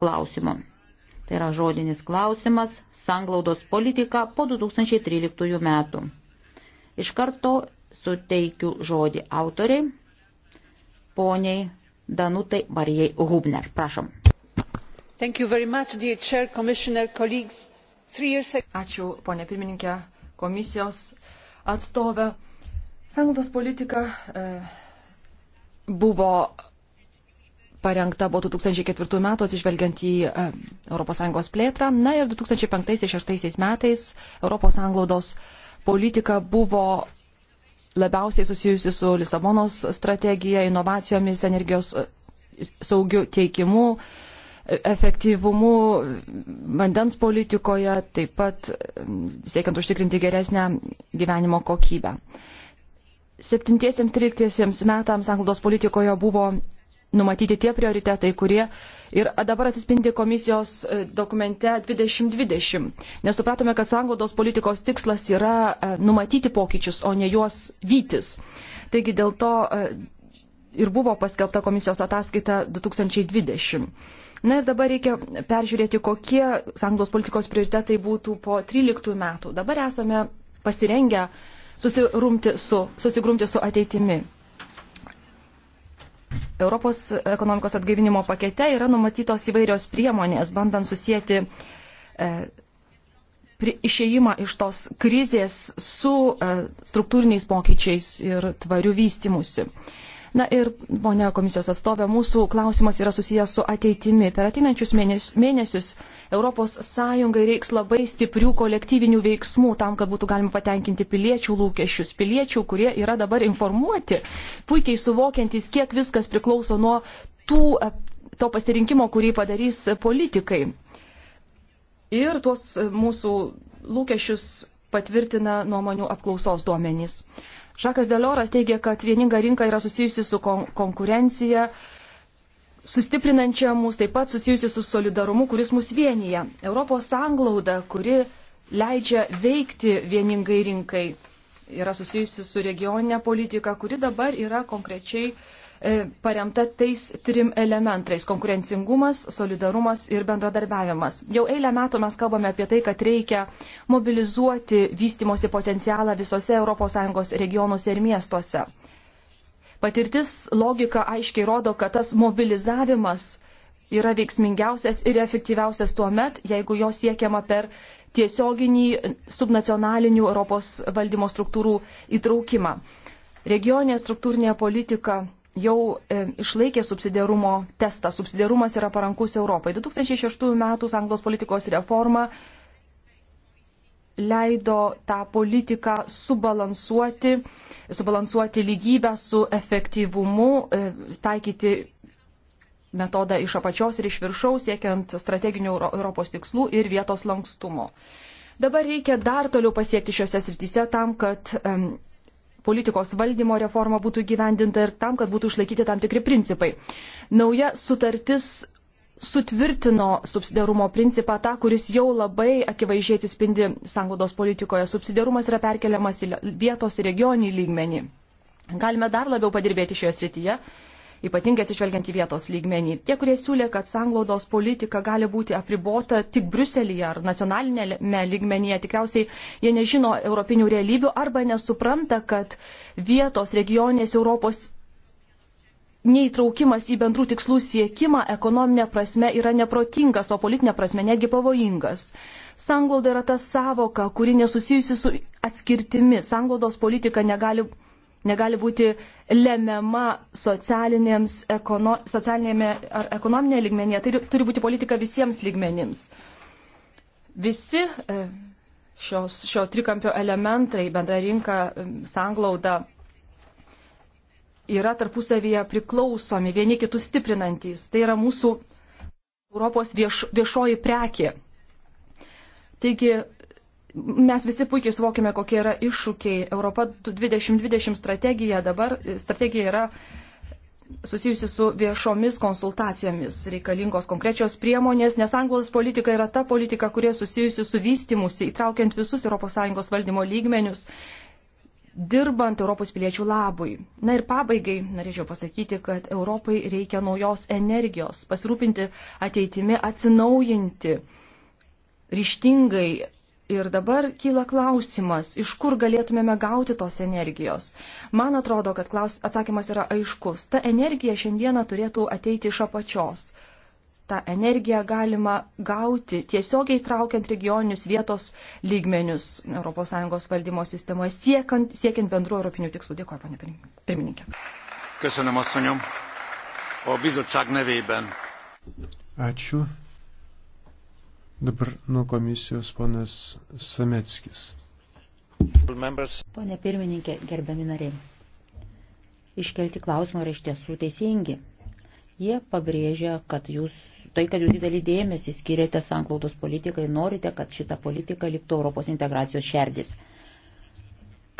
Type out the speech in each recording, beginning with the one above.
klausimo. Tai yra žodinis klausimas - sanglaudos politika po 2013 metų. Iš karto suteikiu žodį autoriai, poniai Danutai Marijai Hubner. Prašom. Much, chair, years... Ačiū, ponė pirmininkė, komisijos atstovė. Sanglaudos politika e, buvo parengta buvo 2004 metų atsižvelgiant į ES plėtrą. Na ir 2005-2006 metais ES anglaudos politika buvo labiausiai susijusi su Lisabonos strategija, inovacijomis, energijos e, saugiu teikimu, e, efektyvumu vandens politikoje, taip pat siekiant užtikrinti geresnę gyvenimo kokybę. 7-13 metams anglos politikoje buvo numatyti tie prioritetai, kurie ir dabar atsispindi komisijos e, dokumente 2020. Nesupratome, kad sanglaudos politikos tikslas yra e, numatyti pokyčius, o ne juos vytis. Taigi dėl to e, ir buvo paskelbta komisijos ataskaita 2020. Na ir dabar reikia peržiūrėti, kokie sąjungos politikos prioritetai būtų po 13 metų. Dabar esame pasirengę susirumti su, susigrumti su ateitimi. Europos ekonomikos atgaivinimo pakete yra numatytos įvairios priemonės, bandant susijęti e, išėjimą iš tos krizės su e, struktūriniais pokyčiais ir tvariu vystimusi. Na ir, ponia komisijos atstovė, mūsų klausimas yra susijęs su ateitimi. Per ateinančius mėnesius, mėnesius ES reiks labai stiprių kolektyvinių veiksmų tam, kad būtų galima patenkinti piliečių lūkesčius, piliečių, kurie yra dabar informuoti, puikiai suvokiantys, kiek viskas priklauso nuo tų, e, to pasirinkimo, kurį padarys politikai. Ir tuos mūsų lūkesčius patvirtina nuomonių apklausos duomenys. Žakas Delioras teigia, kad vieninga rinka yra susijusi su kon konkurencija, uh, sustiprinančią mus, taip pat susijusi su solidarumu, kuris mus vienyje. Europos sanglauda, kuri leidžia veikti vieningai rinkai, yra susijusi su regioninė politika, kuri dabar yra konkrečiai e, paremta tais trim elementais - konkurencingumas, solidarumas ir bendradarbiavimas. Jau eilę metų mes kalbame apie tai, kad reikia mobilizuoti vystimosi potencialą visose ES regionuose ir miestuose. Patirtis logika aiškiai rodo, kad tas mobilizavimas yra veiksmingiausias ir efektyviausias tuo met, jeigu jo siekiama per tiesioginį subnacionalinių Europos valdymo struktūrų įtraukimą. Regioninė struktūrinė politika jau e, išlaikė subsidiarumo testą. Subsidiarumas yra parankus Europai. 2006 m. anglos politikos reforma leido tą politiką subalansuoti subalansuoti lygybę su efektyvumu, e, taikyti metodą iš apačios ir iš viršaus, siekiant strateginių Europos tikslų ir vietos lankstumo. Dabar reikia dar toliau pasiekti šiuose srityse tam, kad um, politikos valdymo reforma būtų gyvendinta ir tam, kad būtų išlaikyti tam tikri principai. Nauja sutartis sutvirtino subsidiarumo principą, tą, kuris jau labai akivaizdžiai atsispindi sanglaudos politikoje. Subsidiarumas yra perkeliamas į vietos ir regioninį lygmenį. Galime dar labiau padirbėti šioje srityje, ypatingai atsižvelgiant į vietos lygmenį. Tie, kurie siūlė, kad sanglaudos politika gali būti apribota tik Bruselėje ar nacionalinėme lygmenyje, tikriausiai jie nežino europinių realybių arba nesupranta, kad vietos regioninės Europos neįtraukimas į bendrų tikslų siekimą ekonominė prasme yra neprotingas, o politinė prasme netgi pavojingas. Sanglauda yra ta savoka, kuri nesusijusi su atskirtimi. Sanglaudos politika negali, negali būti lemiama ekono, socialinėme ar ekonominėje ligmenyje. Tai turi būti politika visiems ligmenims. Visi e, šios, šio trikampio elementai, bendra rinka, e, sanglauda, yra tarpusavyje priklausomi, vieni kitus stiprinantys. Tai yra mūsų Europos vieš, viešoji prekė. Taigi mes visi puikiai suvokime, kokie yra iššūkiai. Europa 2020 strategija dabar strategija yra susijusi su viešomis konsultacijomis, reikalingos konkrečios priemonės, nes anglos politika yra ta politika, kurie susijusi su vystimusi, įtraukiant visus ES valdymo lygmenius dirbant Europos piliečių labui. Na ir pabaigai norėčiau pasakyti, kad Europai reikia naujos energijos, pasirūpinti ateitimi, atsinaujinti ryštingai. Ir dabar kyla klausimas, iš kur galėtumėme gauti tos energijos. Man atrodo, kad klaus... atsakymas yra aiškus. Ta energija šiandieną turėtų ateiti iš apačios tą energiją galima gauti tiesiogiai traukiant regioninius vietos lygmenius ES valdymo sistemoje, siekiant, siekiant bendrų europinių tikslų. Dėkuoju, ponė pirmininkė. Köszönöm, asszonyom. A bizottság nevében. Ačiū. Dabar nuo komisijos ponas Sameckis. Pone pirmininkė, gerbiami nariai, iškelti klausimą yra iš tiesų teisingi. Jie pabrėžia, kad jūs, tai, kad jūs didelį dėmesį skiriate sanklaudos politikai, norite, kad šita politika liktų Europos integracijos šerdis.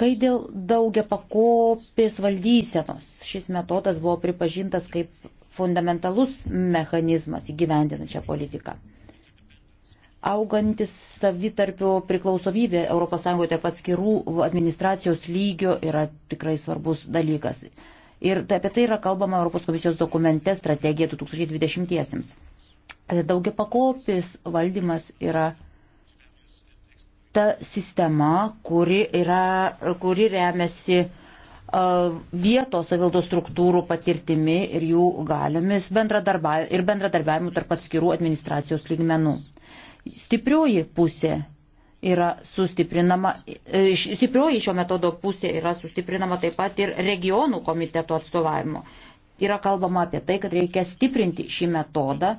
Kai dėl daugia pakopės valdysenos šis metodas buvo pripažintas kaip fundamentalus mechanizmas įgyvendinančią politiką. Augantis savitarpio priklausomybė ES tarp atskirų administracijos lygio yra tikrai svarbus dalykas. Ir tai- apie tai yra kalbama Europos komisijos dokumente strategija 2020-iesiems. E, Daugia pakopis valdymas yra ta sistema, kuri, yra, kuri remiasi e, vietos savildos struktūrų patirtimi ir jų galiomis bendradarbiavimu tarp atskirų administracijos lygmenų. Stiprioji pusė yra sustiprinama, e, stiprioji šio metodo pusė yra sustiprinama taip pat ir regionų komiteto atstovavimo. Yra kalbama apie tai, kad reikia stiprinti šį metodą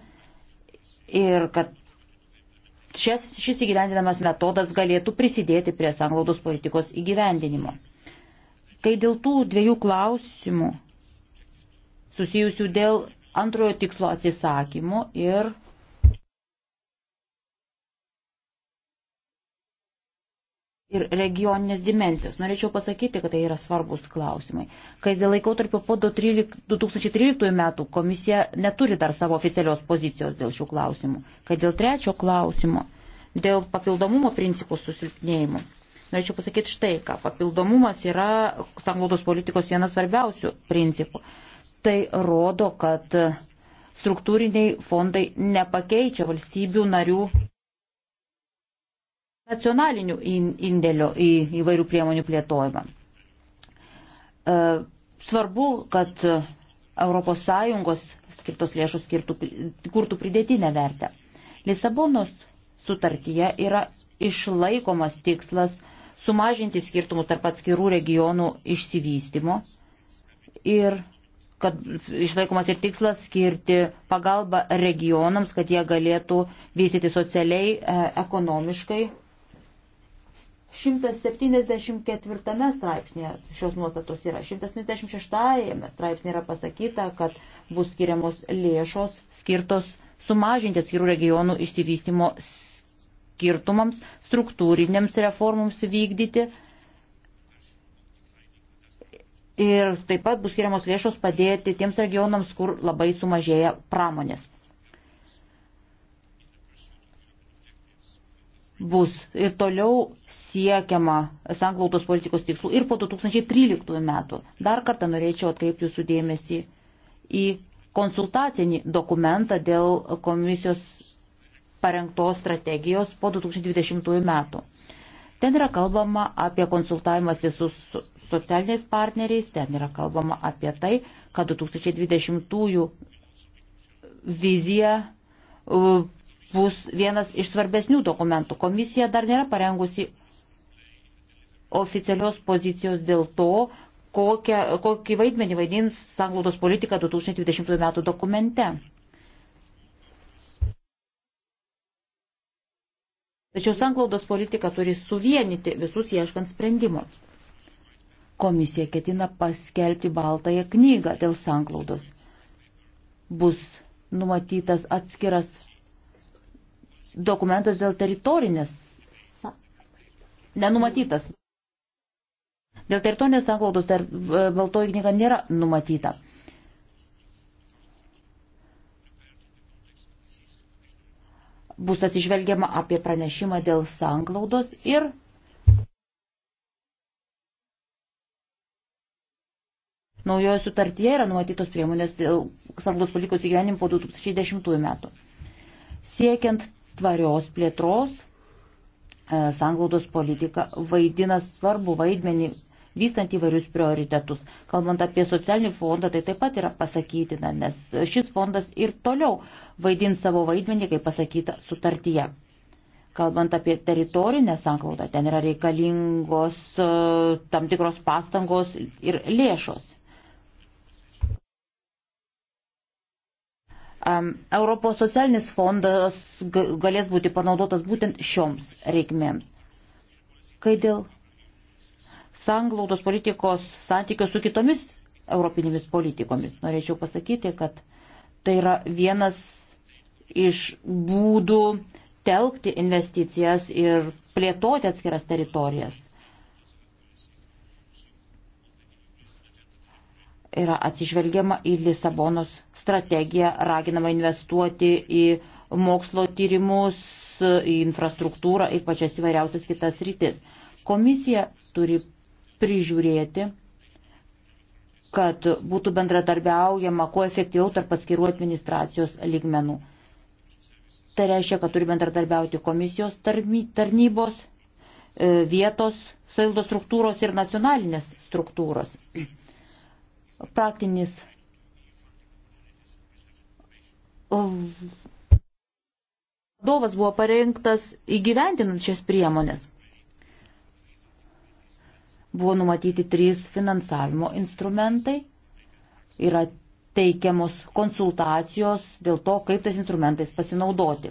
ir kad šis, šis įgyvendinamas metodas galėtų prisidėti prie sanglaudos politikos įgyvendinimo. Kai dėl tų dviejų klausimų susijusių dėl antrojo tikslo atsisakymo ir ir regioninės dimensijos. Norėčiau pasakyti, kad tai yra svarbus klausimai. Kai dėl laikotarpio po 2013 metų komisija neturi dar savo oficialios pozicijos dėl šių klausimų. Kai dėl trečio klausimo, dėl papildomumo principų susilpnėjimo. Norėčiau pasakyti štai ką. Papildomumas yra sanglaudos politikos vienas svarbiausių principų. Tai rodo, kad struktūriniai fondai nepakeičia valstybių narių nacionalinių indėlio į įvairių priemonių plėtojimą. E, svarbu, kad ES skirtos lėšos skirtų, kurtų pridėtinę vertę. Lisabonos sutartyje yra išlaikomas tikslas sumažinti skirtumus tarp atskirų regionų išsivystimo ir kad išlaikomas ir tikslas skirti pagalbą regionams, kad jie galėtų vystyti socialiai, e, ekonomiškai 174 straipsnėje šios nuostatos yra, 176 straipsnėje yra pasakyta, kad bus skiriamos lėšos skirtos sumažinti atskirų regionų išsivystimo skirtumams, struktūrinėms reformams vykdyti. Ir taip pat bus skiriamos lėšos padėti tiems regionams, kur labai sumažėja pramonės. bus ir toliau siekiama sanklautos politikos tikslų ir po 2013 metų. Dar kartą norėčiau atkreipti jūsų dėmesį į konsultacinį dokumentą dėl komisijos parengtos strategijos po 2020 metų. Ten yra kalbama apie konsultavimąsi su socialiniais partneriais, ten yra kalbama apie tai, kad 2020 vizija bus vienas iš svarbesnių dokumentų. Komisija dar nėra parengusi oficialios pozicijos dėl to, kokią, kokį vaidmenį vaidins sanglaudos politika 2020 m. dokumente. Tačiau sanglaudos politika turi suvienyti visus ieškant sprendimo. Komisija ketina paskelbti baltąją knygą dėl sanglaudos. Bus numatytas atskiras dokumentas dėl teritorinės nenumatytas. Dėl teritorinės sanklaudos ter, e, baltoji knyga nėra numatyta. Bus atsižvelgiama apie pranešimą dėl sanklaudos ir naujoje sutartyje yra numatytos priemonės dėl sanglaudos politikos įgyvenim po 2010 metų. Siekiant tvarios plėtros. E, sanglaudos politika vaidina svarbu vaidmenį vystant įvairius prioritetus. Kalbant apie socialinį fondą, tai taip pat yra pasakytina, nes šis fondas ir toliau vaidins savo vaidmenį, kaip pasakyta, sutartyje. Kalbant apie teritorinę sanklaudą, ten yra reikalingos e, tam tikros pastangos ir lėšos. Europos socialinis fondas galės būti panaudotas būtent šioms reikmėms. Kai dėl sanglaudos politikos santykios su kitomis europinėmis politikomis, norėčiau pasakyti, kad tai yra vienas iš būdų telkti investicijas ir plėtoti atskiras teritorijas. yra atsižvelgiama į Lisabonos strategiją, raginama investuoti į mokslo tyrimus, į infrastruktūrą ir pačias įvairiausias kitas rytis. Komisija turi prižiūrėti, kad būtų bendradarbiaujama kuo efektyviau tarp atskirų administracijos lygmenų. Tai reiškia, kad turi bendradarbiauti komisijos tarnybos, e, vietos savildos struktūros ir nacionalinės struktūros praktinis vadovas buvo parengtas įgyvendinant šias priemonės. Buvo numatyti trys finansavimo instrumentai, yra teikiamos konsultacijos dėl to, kaip tais instrumentais pasinaudoti.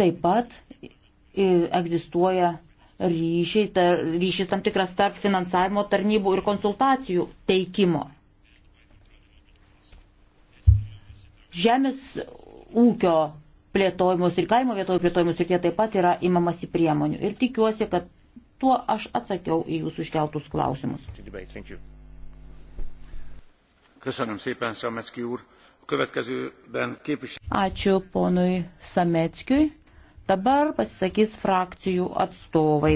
Taip pat egzistuoja ryšiai, ta, ryšys tam tikras tarp finansavimo tarnybų ir konsultacijų teikimo. Žemės ūkio plėtojimus ir kaimo vietovių plėtojimus ir jie taip pat yra imamasi priemonių. Ir tikiuosi, kad tuo aš atsakiau į jūsų iškeltus klausimus. Ačiū ponui Sametskiui. Dabar pasisakys frakcijų atstovai.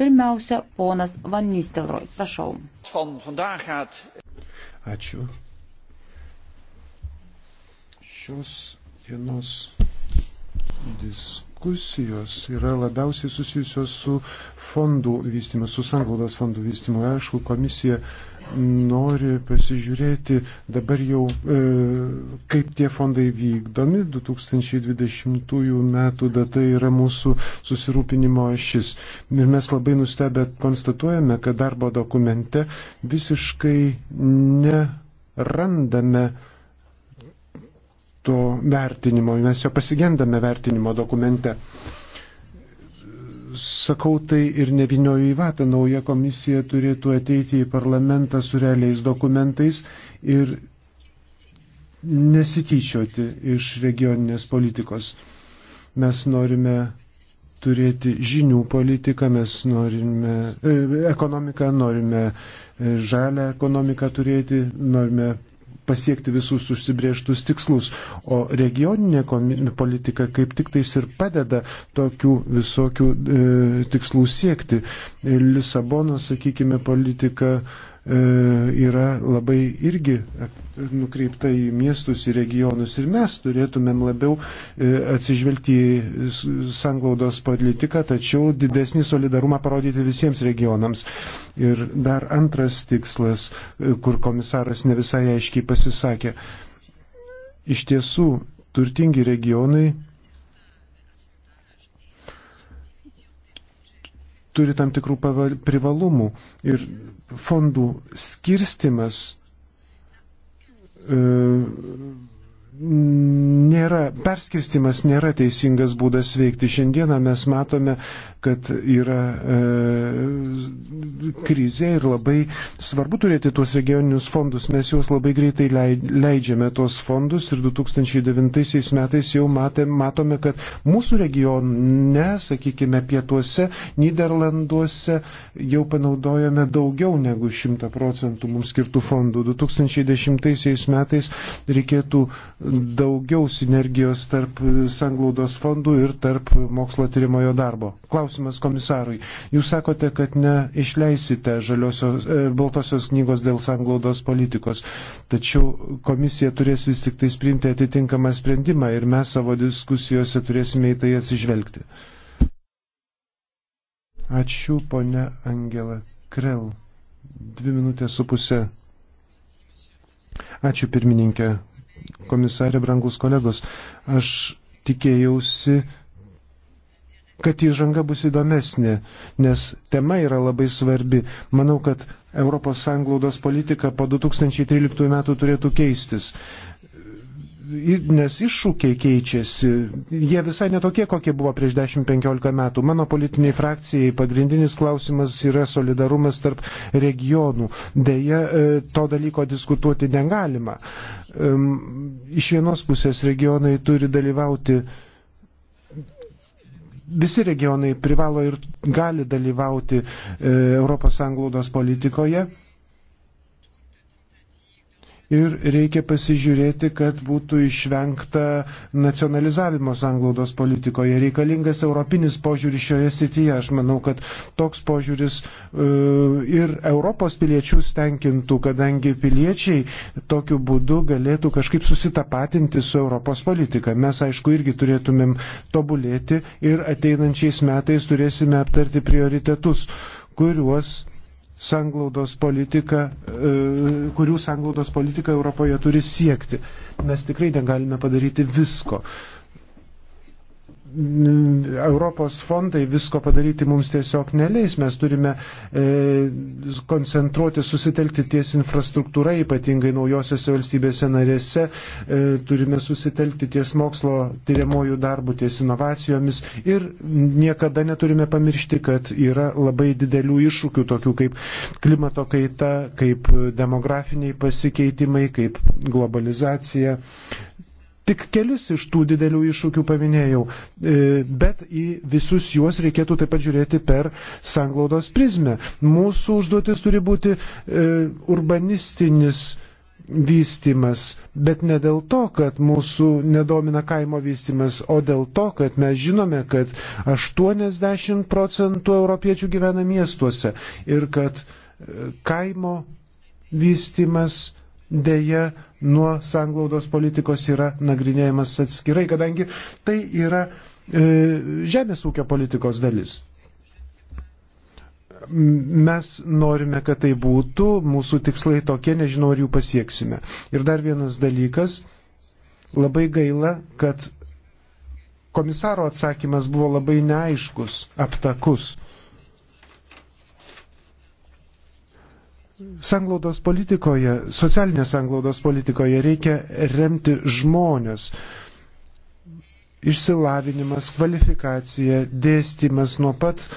Pirmiausia, ponas Van Nistelrooy, prašau. Ačiū. Šios dienos diskusijos diskusijos yra labiausiai susijusios su fondų vystimu, su sanglaudos fondų vystimu. Aišku, komisija nori pasižiūrėti dabar jau, e, kaip tie fondai vykdomi. 2020 metų data yra mūsų susirūpinimo ašis. Ir mes labai nustebę konstatuojame, kad darbo dokumente visiškai nerandame to vertinimo, mes jo pasigendame vertinimo dokumente. Sakau tai ir nevinioju į vatą, nauja komisija turėtų ateiti į parlamentą su realiais dokumentais ir nesityčioti iš regioninės politikos. Mes norime turėti žinių politiką, mes norime e, ekonomiką, norime e, žalę ekonomiką turėti, norime pasiekti visus užsibrieštus tikslus, o regioninė politika kaip tik tais ir padeda tokių visokių e, tikslų siekti. Lisabono, sakykime, politika e, E, yra labai irgi nukreipta į miestus, į regionus ir mes turėtumėm labiau e, atsižvelgti į sanglaudos politiką, tačiau didesnį solidarumą parodyti visiems regionams. Ir dar antras tikslas, e, kur komisaras ne visai aiškiai pasisakė. Iš tiesų, turtingi regionai turi tam tikrų privalumų ir fondų skirstimas e, nėra, perskirstimas nėra teisingas būdas veikti. Šiandieną mes matome kad yra e, krizė ir labai svarbu turėti tuos regioninius fondus. Mes juos labai greitai leidžiame tuos fondus ir 2009 metais jau matė, matome, kad mūsų regione, sakykime, pietuose, Niderlanduose jau panaudojame daugiau negu 100 procentų mums skirtų fondų. 2010 metais reikėtų daugiau sinergijos tarp sanglaudos fondų ir tarp mokslo tyrimojo darbo. Klausimas klausimas komisarui. Jūs sakote, kad neišleisite žaliosios, e, baltosios knygos dėl sanglaudos politikos, tačiau komisija turės vis tik tais priimti atitinkamą sprendimą ir mes savo diskusijose turėsime į tai atsižvelgti. Ačiū, ponia Angela Krell. Dvi minutės su pusė. Ačiū, pirmininkė, komisarė, brangus kolegos. Aš tikėjausi, kad įžanga bus įdomesnė, nes tema yra labai svarbi. Manau, kad Europos sanglaudos politika po 2013 metų turėtų keistis. Nes iššūkiai keičiasi, jie visai netokie, kokie buvo prieš 10-15 metų. Mano politiniai frakcijai pagrindinis klausimas yra solidarumas tarp regionų. Deja, e, to dalyko diskutuoti negalima. Iš vienos pusės regionai turi dalyvauti visi regionai privalo ir gali dalyvauti e, Europos sanglaudos politikoje ir reikia pasižiūrėti, kad būtų išvengta nacionalizavimo sanglaudos politikoje. Reikalingas europinis požiūris šioje srityje. Aš manau, kad toks požiūris e, ir Europos piliečius tenkintų, kadangi piliečiai tokiu būdu galėtų kažkaip susitapatinti su Europos politika. Mes, aišku, irgi turėtumėm tobulėti ir ateinančiais metais turėsime aptarti prioritetus kuriuos sanglaudos politika, e, kurių sanglaudos politika Europoje turi siekti. Mes tikrai negalime padaryti visko. Europos fondai visko padaryti mums tiesiog neleis. Mes turime e, koncentruoti, susitelkti ties infrastruktūra, ypatingai naujosiose valstybėse narėse. E, turime susitelkti ties mokslo tyriamojų darbų, ties inovacijomis. Ir niekada neturime pamiršti, kad yra labai didelių iššūkių, tokių kaip klimato kaita, kaip demografiniai pasikeitimai, kaip globalizacija. Tik kelis iš tų didelių iššūkių paminėjau, e, bet į visus juos reikėtų taip pat žiūrėti per sanglaudos prizmę. Mūsų užduotis turi būti e, urbanistinis vystimas, bet ne dėl to, kad mūsų nedomina kaimo vystimas, o dėl to, kad mes žinome, kad 80 procentų europiečių gyvena miestuose ir kad e, kaimo vystimas dėja nuo sanglaudos politikos yra nagrinėjamas atskirai, kadangi tai yra e, žemės ūkio politikos dalis. Mes norime, kad tai būtų, mūsų tikslai tokie, nežinau, ar jų pasieksime. Ir dar vienas dalykas, labai gaila, kad komisaro atsakymas buvo labai neaiškus, aptakus. sanglaudos politikoje, socialinės sanglaudos politikoje reikia remti žmonės. Išsilavinimas, kvalifikacija, dėstymas nuo pat e,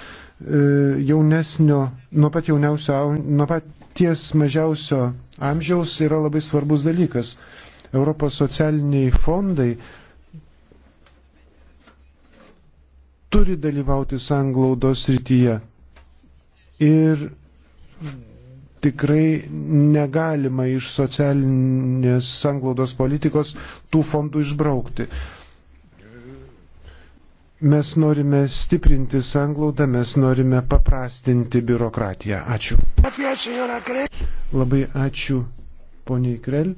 jaunesnio, nuo pat jauniausio, nuo pat ties mažiausio amžiaus yra labai svarbus dalykas. Europos socialiniai fondai turi dalyvauti sanglaudos rytyje. Ir tikrai negalima iš socialinės sanglaudos politikos tų fondų išbraukti. Mes norime stiprinti sanglaudą, mes norime paprastinti biurokratiją. Ačiū. Labai ačiū, poniai Krel.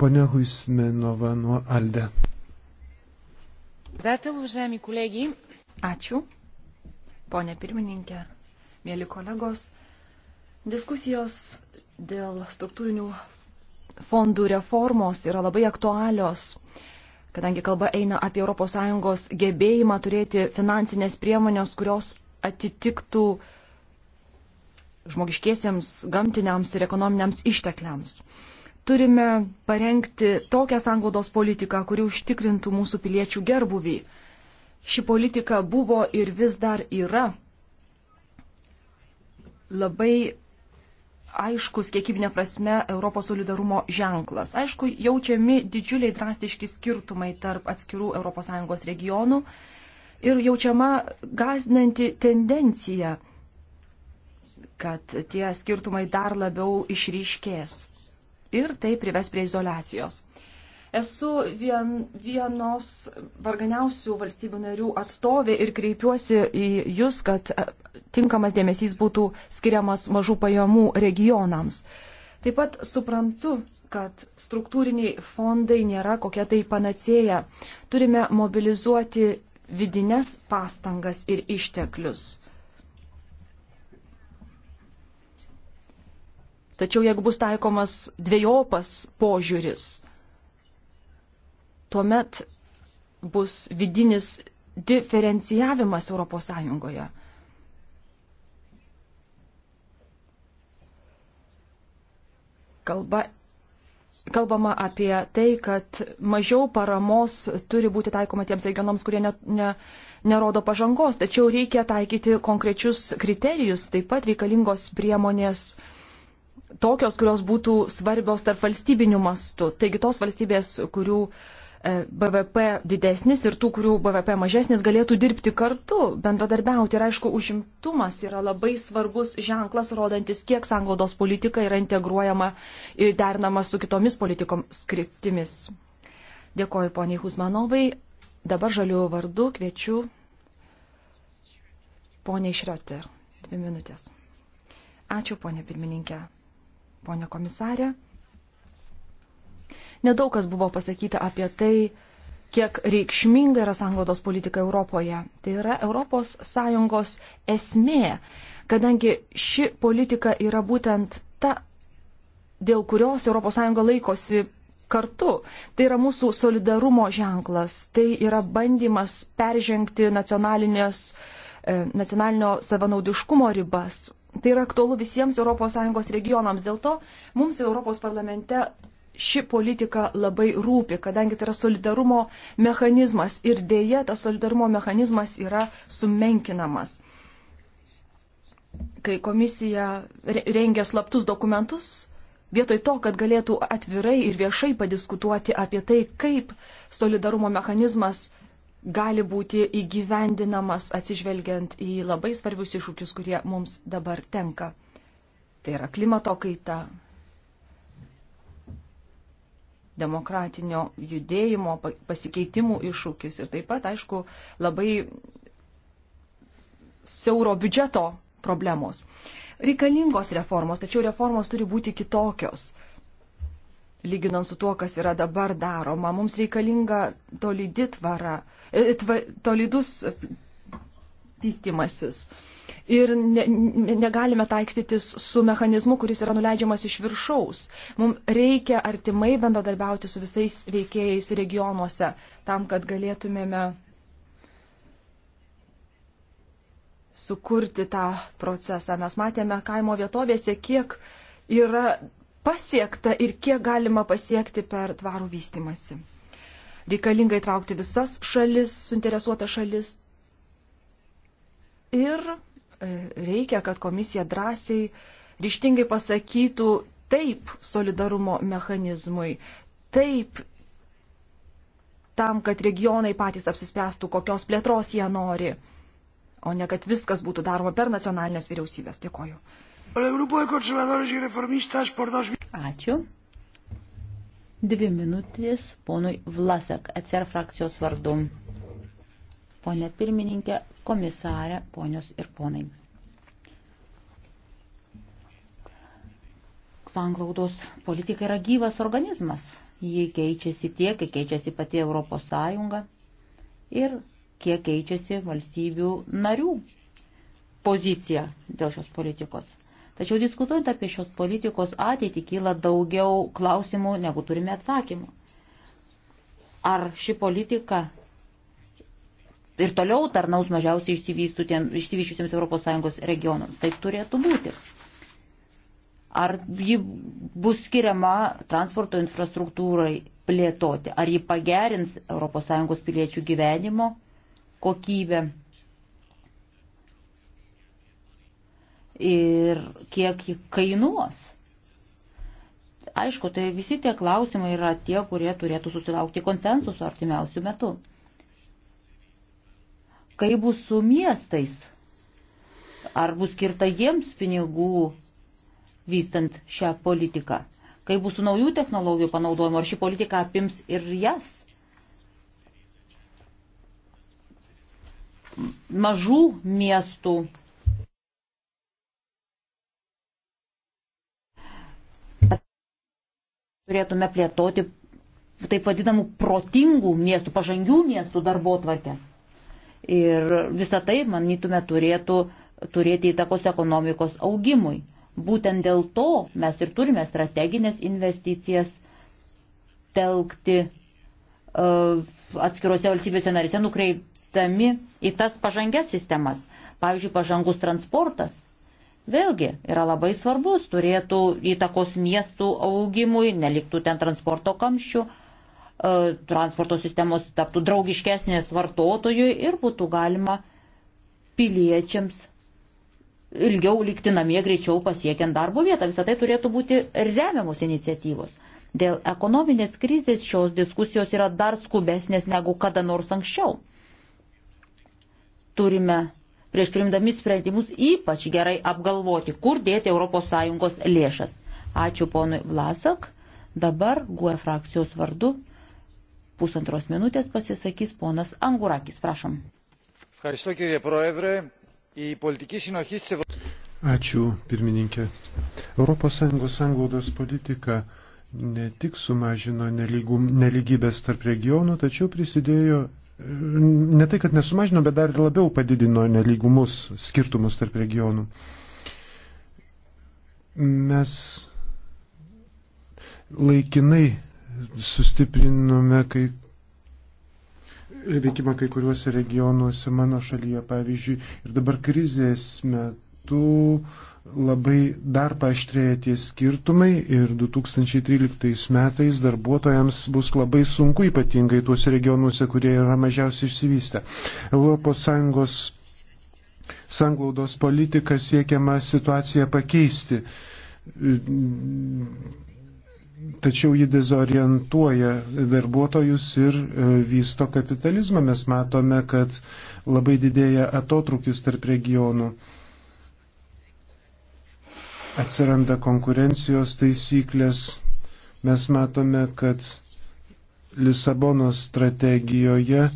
Поня Хуисменова, но Альде. Председател, уважаеми колеги, Ačiū, ponė pirmininkė, mėly kolegos. Diskusijos dėl struktūrinių fondų reformos yra labai aktualios, kadangi kalba eina apie ES gebėjimą turėti finansinės priemonės, kurios atitiktų žmogiškiesiems, gamtiniams ir ekonominiams ištekliams. Turime parengti tokią sanglaudos politiką, kuri užtikrintų mūsų piliečių gerbuvį. Ši politika buvo ir vis dar yra labai aiškus kiekybinė prasme Europos solidarumo ženklas. Aišku, jaučiami didžiuliai drastiški skirtumai tarp atskirų ES regionų ir jaučiama gazdinanti tendencija, kad tie skirtumai dar labiau išryškės ir tai prives prie izolacijos. Esu vien, vienos varganiausių valstybių narių atstovė ir kreipiuosi į Jūs, kad e, tinkamas dėmesys būtų skiriamas mažų pajamų regionams. Taip pat suprantu, kad struktūriniai fondai nėra kokia tai panacėja. Turime mobilizuoti vidinės pastangas ir išteklius. Tačiau jeigu bus taikomas dviejopas požiūris, tuomet bus vidinis diferencijavimas ES. Kalba, kalbama apie tai, kad mažiau paramos turi būti taikoma tiems regionams, kurie ne, ne, nerodo pažangos, tačiau reikia taikyti konkrečius kriterijus, taip pat reikalingos priemonės tokios, kurios būtų svarbios tarp valstybinių mastų. Taigi tos valstybės, kurių uh, BVP didesnis ir tų, kurių BVP mažesnis, galėtų dirbti kartu, bendradarbiauti. Ir aišku, užimtumas yra labai svarbus ženklas, rodantis, kiek sanglaudos politika yra integruojama ir dernama su kitomis politikoms kryptimis. Dėkoju poniai Husmanovai. Dabar žaliųjų vardu kviečiu poniai Šrioter. Dvi minutės. Ačiū, ponė pirmininkė. Pone komisarė. Nedaug kas buvo pasakyta apie tai, kiek reikšminga yra sanglaudos politika Europoje. Tai yra ES esmė, kadangi ši politika yra būtent ta, dėl kurios ES laikosi kartu. Tai yra mūsų solidarumo ženklas, tai yra bandymas peržengti e, nacionalinio savanaudiškumo ribas. Tai yra aktualu visiems ES regionams. Dėl to mums Europos parlamente ši politika labai rūpi, kadangi tai yra solidarumo mechanizmas ir dėja tas solidarumo mechanizmas yra sumenkinamas. Kai komisija rengia slaptus dokumentus, vietoj to, kad galėtų atvirai ir viešai padiskutuoti apie tai, kaip solidarumo mechanizmas gali būti įgyvendinamas atsižvelgiant į labai svarbius iššūkius, kurie mums dabar tenka. Tai yra klimato kaita, demokratinio judėjimo, pasikeitimų iššūkis ir taip pat, aišku, labai siauro biudžeto problemos. Reikalingos reformos, tačiau reformos turi būti kitokios. Lyginant su tuo, kas yra dabar daroma, mums reikalinga tolydi tvara, e, tva, tolydus vystimasis. E, ir ne, negalime taikstytis su mechanizmu, kuris yra nuleidžiamas iš viršaus. Mums reikia artimai bendradarbiauti su visais veikėjais regionuose tam, kad galėtumėme sukurti tą procesą. Mes matėme kaimo vietovėse, kiek yra pasiekta ir kiek galima pasiekti per tvarų vystimasi. Reikalinga įtraukti visas šalis, suinteresuotas šalis. Ir E, reikia, kad komisija drąsiai, ryštingai pasakytų taip solidarumo mechanizmui, taip tam, kad regionai patys apsispręstų, kokios plėtros jie nori, o ne kad viskas būtų daroma per nacionalinės vyriausybės. Dėkoju. Ačiū. Dvi minutės ponui Vlasak, atsir frakcijos vardu. Pone pirmininkė, komisarė, ponios ir ponai. Sanglaudos politika yra gyvas organizmas. Ji keičiasi tiek, kiek keičiasi pati Europos Sąjunga ir kiek keičiasi valstybių narių pozicija dėl šios politikos. Tačiau diskutuojant apie šios politikos ateitį kyla daugiau klausimų, negu turime atsakymų. Ar ši politika ir toliau tarnaus mažiausiai išsivyščiusiems ES regionams. Taip turėtų būti. Ar ji bus skiriama transporto infrastruktūrai plėtoti, ar ji pagerins ES piliečių gyvenimo kokybę ir kiek ji kainuos aišku, tai visi tie klausimai yra tie, kurie turėtų susilaukti konsensuso artimiausių metų. Kaip bus su miestais? Ar bus skirta jiems pinigų vystant šią politiką? Kaip bus su naujų technologijų panaudojimu? Ar ši politika apims ir jas? Mažų miestų turėtume plėtoti taip vadinamų protingų miestų, pažangių miestų darbo tvarkę. Ir visą tai, manytume, turėtų turėti įtakos ekonomikos augimui. Būtent dėl to mes ir turime strateginės investicijas telkti uh, atskiruose valstybėse narise nukreiptami į tas pažangias sistemas. Pavyzdžiui, pažangus transportas vėlgi yra labai svarbus, turėtų įtakos miestų augimui, neliktų ten transporto kamščių. Uh, E, transporto sistemos taptų draugiškesnės vartotojui ir būtų galima piliečiams ilgiau likti namie, greičiau pasiekiant darbo vietą. Visą tai turėtų būti remiamos iniciatyvos. Dėl ekonominės krizės šios diskusijos yra dar skubesnės negu kada nors anksčiau. Turime prieš primdami sprendimus ypač gerai apgalvoti, kur dėti ES lėšas. Ačiū ponui Vlasak. Dabar GUE frakcijos vardu pusantros minutės pasisakys ponas Angurakis. Prašom. Ačiū, pirmininkė. ES sanglaudos politika ne tik sumažino neligum, neligybės tarp regionų, tačiau prisidėjo ne tai, kad nesumažino, bet dar labiau padidino neligumus, skirtumus tarp regionų. Mes laikinai sustiprinome kai veikimą kai kuriuose regionuose mano šalyje, pavyzdžiui, ir dabar krizės metu labai dar paaštrėja tie skirtumai ir 2013 metais darbuotojams bus labai sunku ypatingai tuose regionuose, kurie yra mažiausiai išsivystę. ES sanglaudos politika siekiama situaciją pakeisti tačiau ji dezorientuoja darbuotojus ir e, vysto kapitalizmą. Mes matome, kad labai didėja atotrukis tarp regionų. Atsiranda konkurencijos taisyklės. Mes matome, kad Lisabonos strategijoje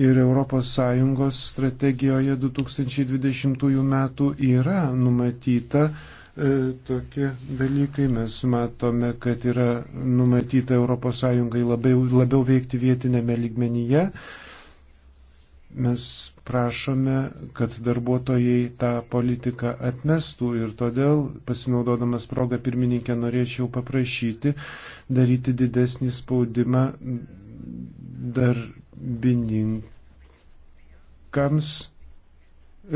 ir ES strategijoje 2020 metų yra numatyta E, tokie dalykai. Mes matome, kad yra numatyta ES labiau, labiau veikti vietinėme lygmenyje. Mes prašome, kad darbuotojai tą politiką atmestų ir todėl, pasinaudodamas progą pirmininkę, norėčiau paprašyti daryti didesnį spaudimą darbininkams,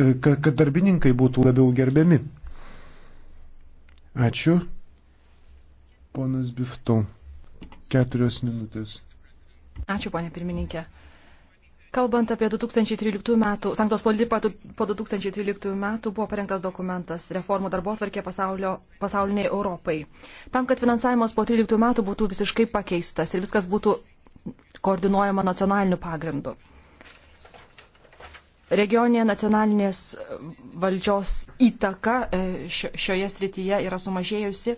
e, kad darbininkai būtų labiau gerbiami. Ačiū. Ponas Biftau, keturios minutės. Ačiū, ponė pirmininkė. Kalbant apie 2013 metų, Sanktos Polipą po 2013 metų buvo parengtas dokumentas reformų darbotvarkė pasauliniai Europai. Tam, kad finansavimas po 13 metų būtų visiškai pakeistas ir viskas būtų koordinuojama nacionaliniu pagrindu regioninė nacionalinės valdžios įtaka e, šioje srityje yra sumažėjusi.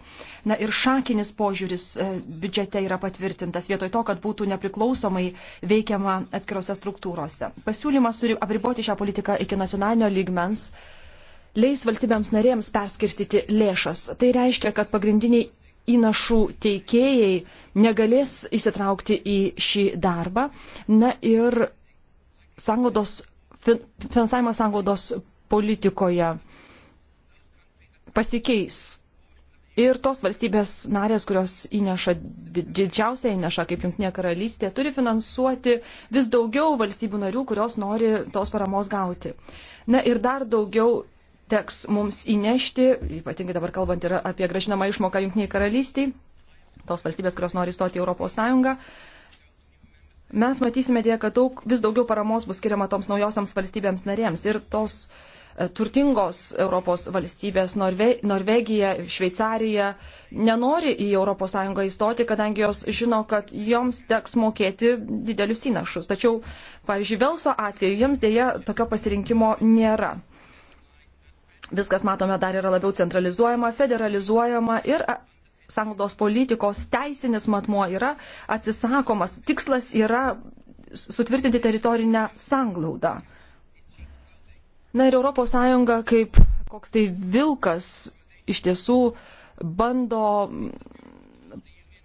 Na ir šakinis požiūris e, biudžete yra patvirtintas vietoj to, kad būtų nepriklausomai veikiama atskirose struktūrose. Pasiūlymas apriboti šią politiką iki nacionalinio lygmens leis valstybėms narėms perskirstyti lėšas. Tai reiškia, kad pagrindiniai įnašų teikėjai negalės įsitraukti į šį darbą. Na ir sangodos finansavimo sąnaudos politikoje pasikeis. Ir tos valstybės narės, kurios įneša didžiausią įneša, kaip Junktinė karalystė, turi finansuoti vis daugiau valstybių narių, kurios nori tos paramos gauti. Na ir dar daugiau teks mums įnešti, ypatingai dabar kalbant ir apie gražinamą išmoką Junktiniai karalystiai, tos valstybės, kurios nori įstoti į Europos Sąjungą, uh, Mes matysime dėja, kad daug, vis daugiau paramos bus skiriama toms naujosiams valstybėms narėms ir tos e, turtingos Europos valstybės Norve, Norvegija, Šveicarija nenori į ES įstoti, kadangi jos žino, kad joms teks mokėti didelius įnašus. Tačiau, pavyzdžiui, Velso atveju jiems dėja tokio pasirinkimo nėra. Viskas, matome, dar yra labiau centralizuojama, federalizuojama ir sanglaudos politikos teisinis matmuo yra atsisakomas. Tikslas yra sutvirtinti teritorinę sanglaudą. Na ir ES kaip koks tai vilkas iš tiesų bando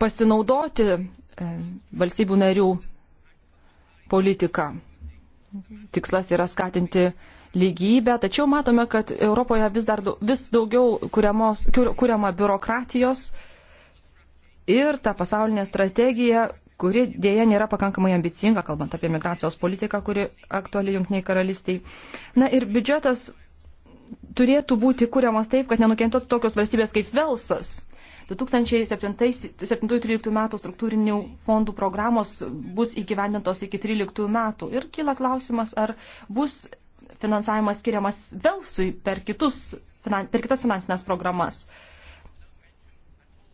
pasinaudoti e, valstybių narių politiką. Tikslas yra skatinti lygybę, tačiau matome, kad Europoje vis, dar, vis daugiau kuriamos, kur, kuriama biurokratijos, ir tą pasaulinę strategiją, kuri dėja nėra pakankamai ambicinga, kalbant apie migracijos politiką, kuri aktuali Junktiniai karalystiai. Na ir biudžetas turėtų būti kuriamas taip, kad nenukentėtų tokios valstybės kaip Velsas. 2007-2013 metų struktūrinių fondų programos bus įgyvendintos iki 2013 metų. Ir kyla klausimas, ar bus finansavimas skiriamas Velsui per, kitus, per kitas finansinės programas. Uh,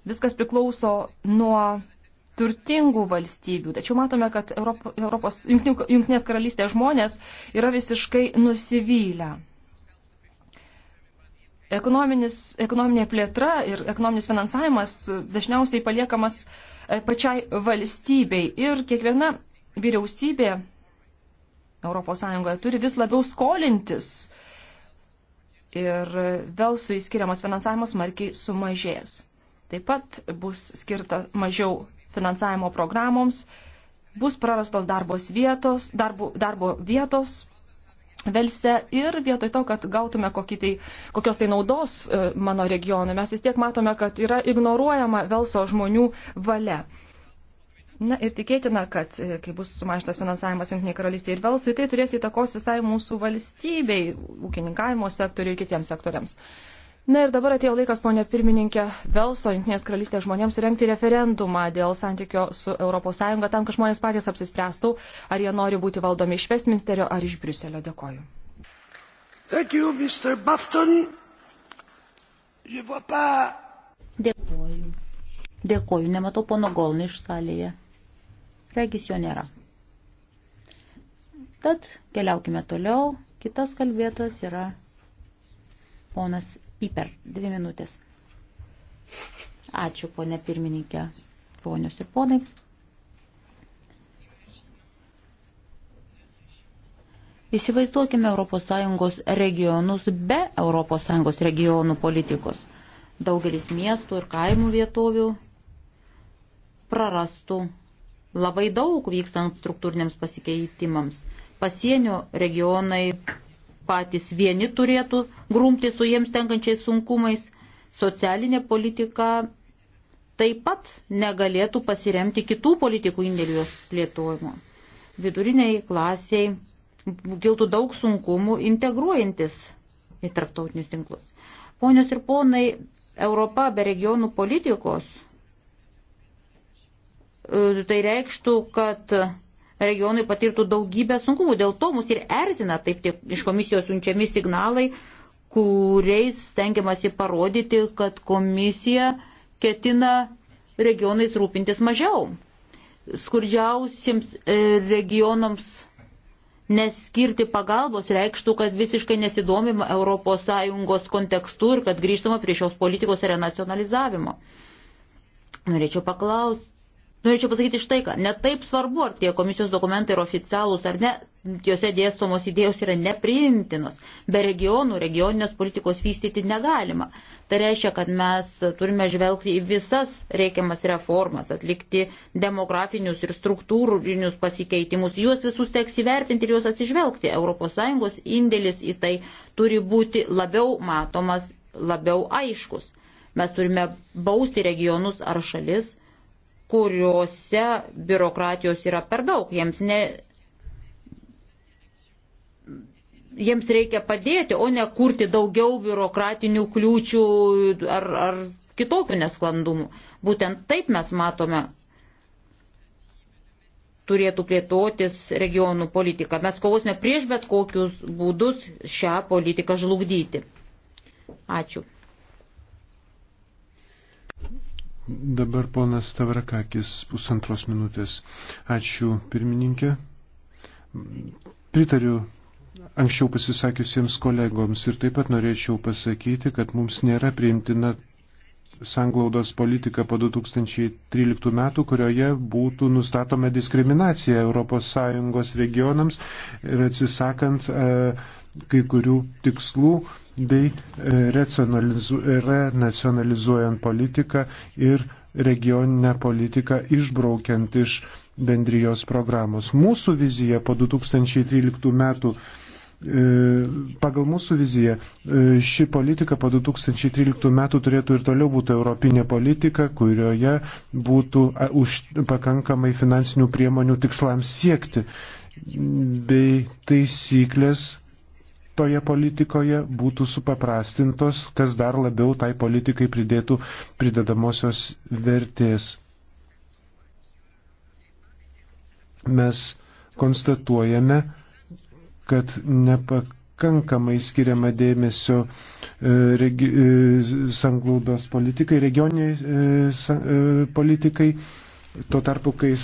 Viskas priklauso nuo turtingų valstybių. Tačiau matome, kad Europos, Europos Junktinės karalystės žmonės yra visiškai nusivylę. Ekonominė plėtra ir ekonominis finansavimas dažniausiai paliekamas e, pačiai valstybei. Ir kiekviena vyriausybė ES turi vis labiau skolintis. Ir vėl suįskiriamas finansavimas markiai sumažės taip pat bus skirta mažiau finansavimo programoms, bus prarastos darbos vietos, darbo, darbo vietos Velse ir vietoj to, kad gautume tai, kokios tai naudos e, mano regionui, mes vis tiek matome, kad yra ignoruojama Velso žmonių valia. Na ir tikėtina, kad e, kai bus sumažintas finansavimas Junkiniai karalystėje ir Velsui, tai turės įtakos visai mūsų valstybei, ūkininkavimo sektoriui ir kitiems sektoriams. Uh, Na ir dabar atėjo laikas, ponė pirmininkė, Velso Junktinės karalystės žmonėms renkti referendumą dėl santykio su ES, tam, kad žmonės patys apsispręstų, ar jie nori būti valdomi iš Westminsterio ar iš Briuselio. Dėkoju. You, Dėkoju. Dėkoju, nematau pono Golni iš salėje. Regis jo nėra. Tad keliaukime toliau. Kitas kalbėtojas yra ponas Piper, dvi minutės. Ačiū, ponė pirmininkė, ponios ir ponai. Įsivaizduokime ES regionus be ES regionų politikos. Daugelis miestų ir kaimų vietovių prarastų labai daug vykstant struktūriniams pasikeitimams. Pasienio regionai patys vieni turėtų grumti su jiems tenkančiais sunkumais, socialinė politika taip pat negalėtų pasiremti kitų politikų indėlių jos plėtojimo. Viduriniai klasiai kiltų daug sunkumų integruojantis į tarptautinius tinklus. Ponios ir ponai, Europa be regionų politikos e, tai reikštų, kad regionai patirtų daugybę sunkumų. Dėl to mus ir erzina taip tie iš komisijos siunčiami signalai, kuriais stengiamasi parodyti, kad komisija ketina regionais rūpintis mažiau. Skurdžiausiems e, regionams neskirti pagalbos reikštų, kad visiškai nesidomima ES kontekstu ir kad grįžtama prie šios politikos renacionalizavimo. Norėčiau paklausti Norėčiau pasakyti štai ką, netaip svarbu, ar tie komisijos dokumentai yra oficialūs ar ne, juose dėstomos idėjos yra nepriimtinos. Be regionų regioninės politikos vystyti negalima. Tai reiškia, kad mes turime žvelgti į visas reikiamas reformas, atlikti demografinius ir struktūrinius pasikeitimus. Juos visus teks įvertinti ir juos atsižvelgti. ES indėlis į tai turi būti labiau matomas, labiau aiškus. Mes turime bausti regionus ar šalis kuriuose biurokratijos yra per daug. Jiems, ne, jiems reikia padėti, o ne kurti daugiau biurokratinių kliūčių ar, ar kitokių nesklandumų. Būtent taip mes matome turėtų plėtotis regionų politika. Mes kovosime prieš bet kokius būdus šią politiką žlugdyti. Ačiū. Dabar ponas Tavrakakis pusantros minutės. Ačiū pirmininkė. Pritariu anksčiau pasisakiusiems kolegoms ir taip pat norėčiau pasakyti, kad mums nėra priimtina sanglaudos politika po 2013 metų, kurioje būtų nustatoma diskriminacija ES regionams ir atsisakant e, kai kurių tikslų bei e, renacionalizuojant politiką ir regioninę politiką išbraukiant iš bendrijos programos. Mūsų vizija po 2013 metų e, pagal mūsų viziją e, ši politika po 2013 metų turėtų ir toliau būti europinė politika, kurioje būtų už pakankamai finansinių priemonių tikslams siekti bei taisyklės toje politikoje būtų supaprastintos, kas dar labiau tai politikai pridėtų pridedamosios vertės. Mes konstatuojame, kad nepakankamai skiriama dėmesio e, regi, e, sanglaudos politikai, regioniniai e, politikai, tuo tarpu, kai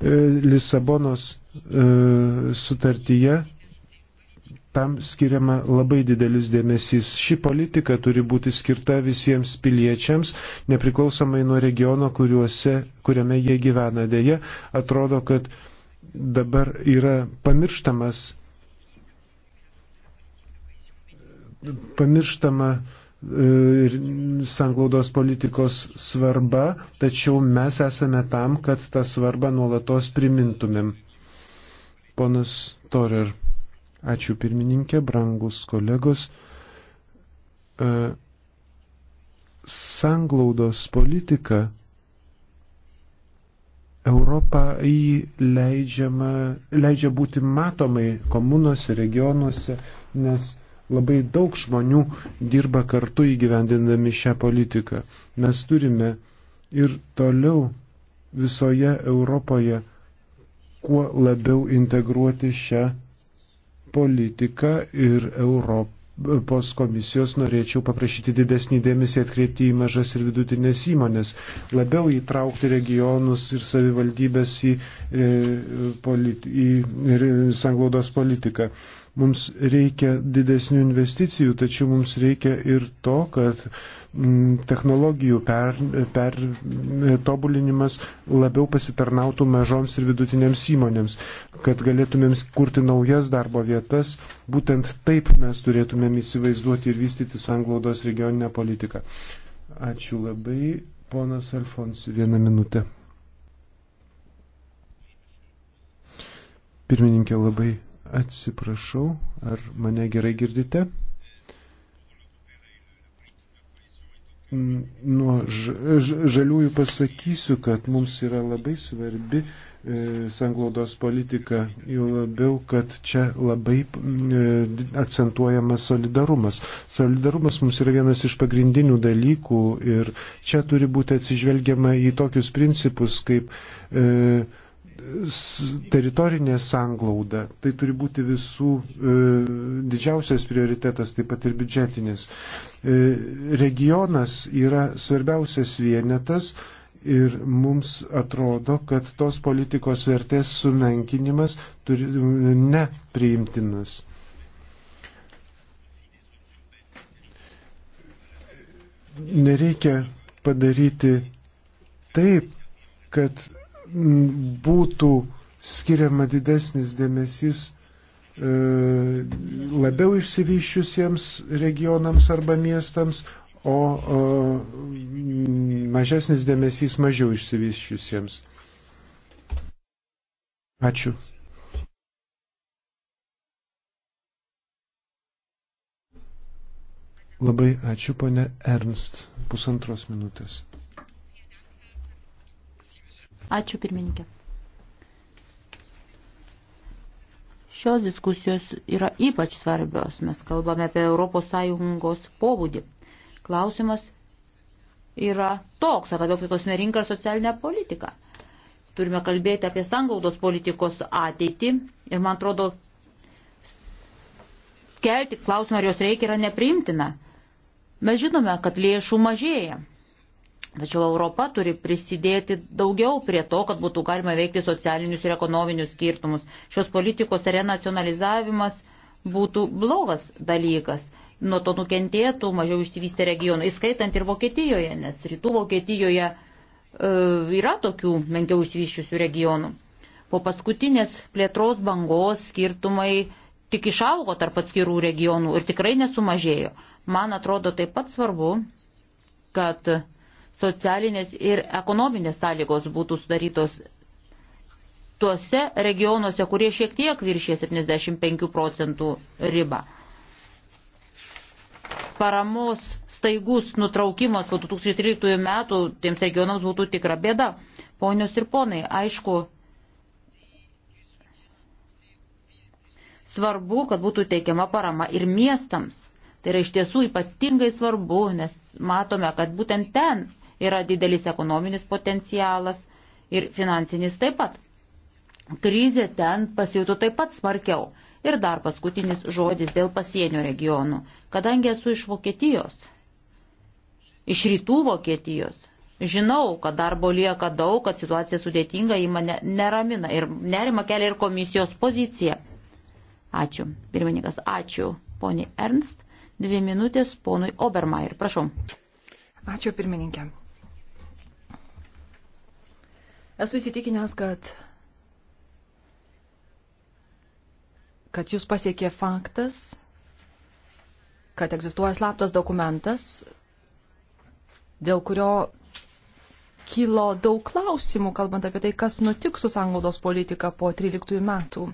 Lisabonos sutartyje tam skiriama labai didelis dėmesys. Ši politika turi būti skirta visiems piliečiams, nepriklausomai nuo regiono, kuriuose, kuriame jie gyvena. Deja, atrodo, kad dabar yra pamirštamas, pamirštama e, ir sanglaudos politikos svarba, tačiau mes esame tam, kad tą svarbą nuolatos primintumėm. Ponas Torer. Ačiū pirmininkė, brangus kolegos. E, sanglaudos politika Europą leidžiama, leidžia būti matomai komunose, regionuose, nes labai daug žmonių dirba kartu įgyvendindami šią politiką. Mes turime ir toliau visoje Europoje kuo labiau integruoti šią politiką ir Europos komisijos norėčiau paprašyti didesnį dėmesį atkreipti į mažas ir vidutinės įmonės, labiau įtraukti regionus ir savivaldybės į, e, politi į, į sanglaudos politiką. Mums reikia didesnių investicijų, tačiau mums reikia ir to, kad technologijų per, per e, tobulinimas labiau pasitarnautų mažoms ir vidutinėms įmonėms, kad galėtumėm kurti naujas darbo vietas. Būtent taip mes turėtumėm įsivaizduoti ir vystyti sanglaudos regioninę politiką. Ačiū labai, ponas Alfons, vieną minutę. Pirmininkė, labai atsiprašau, ar mane gerai girdite? Mm, nuo žaliųjų pasakysiu, kad mums yra labai svarbi e, sanglaudos politika, jau labiau, kad čia labai mm, e, akcentuojamas solidarumas. Solidarumas mums yra vienas iš pagrindinių dalykų ir čia turi būti atsižvelgiama į tokius principus kaip e, teritorinė sanglauda, tai turi būti visų e, didžiausias prioritetas, taip pat ir biudžetinis. E, regionas yra svarbiausias vienetas ir mums atrodo, kad tos politikos vertės sumenkinimas turi, e, nepriimtinas. Nereikia padaryti taip, kad būtų skiriama didesnis dėmesys e, labiau išsivyščiusiems regionams arba miestams, o, o mažesnis dėmesys mažiau išsivyščiusiems. Ačiū. Labai ačiū, ponė Ernst. Pusantros minutės. Ačiū pirmininkė. Šios diskusijos yra ypač svarbios. Mes kalbame apie ES pobūdį. Klausimas yra toks, ar labiau priklausome rinką ar socialinę politiką. Turime kalbėti apie sangaudos politikos ateitį ir man atrodo, kelti klausimą, ar jos reikia, yra nepriimtina. Mes žinome, kad lėšų mažėja. Tačiau Europa turi prisidėti daugiau prie to, kad būtų galima veikti socialinius ir ekonominius skirtumus. Šios politikos renacionalizavimas būtų blogas dalykas. Nuo to nukentėtų mažiau išsivystę regionai, įskaitant ir Vokietijoje, nes rytų Vokietijoje e, yra tokių menkiau išsivyščiusių regionų. Po paskutinės plėtros bangos skirtumai tik išaugo tarp atskirų regionų ir tikrai nesumažėjo. Man atrodo taip pat svarbu, kad socialinės ir ekonominės sąlygos būtų sudarytos tuose regionuose, kurie šiek tiek viršė 75 procentų ribą. Paramos staigus nutraukimas po 2013 metų tiems regionams būtų tikra bėda. Ponios ir ponai, aišku, svarbu, kad būtų teikiama parama ir miestams. Tai yra iš tiesų ypatingai svarbu, nes matome, kad būtent ten yra didelis ekonominis potencialas ir finansinis taip pat. Krizė ten pasijuto taip pat smarkiau. Ir dar paskutinis žodis dėl pasienio regionų. Kadangi esu iš Vokietijos, iš rytų Vokietijos, žinau, kad darbo lieka daug, kad situacija sudėtinga, jį mane neramina ir nerima kelia ir komisijos pozicija. Ačiū. Pirmininkas, ačiū. Poni Ernst, dvi minutės ponui Obermeier. Prašau. Ačiū pirmininkė. Esu įsitikinęs, kad, kad jūs pasiekė faktas, kad egzistuoja slaptas dokumentas, dėl kurio kilo daug klausimų, kalbant apie tai, kas nutiks su sanglaudos politika po 13 metų.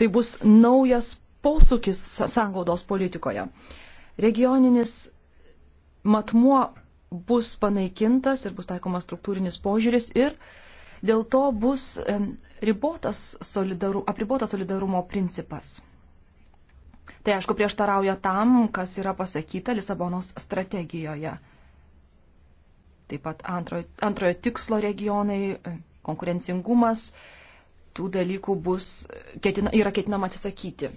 Tai bus naujas posūkis sanglaudos politikoje. Regioninis matmuo bus panaikintas ir bus taikomas struktūrinis požiūris ir Dėl to bus ribotas solidaru, apribotas solidarumo principas. Tai aišku prieštarauja tam, kas yra pasakyta Lisabonos strategijoje. Taip pat antrojo, antrojo tikslo regionai, konkurencingumas, tų dalykų bus, ketina, yra ketinama atsisakyti.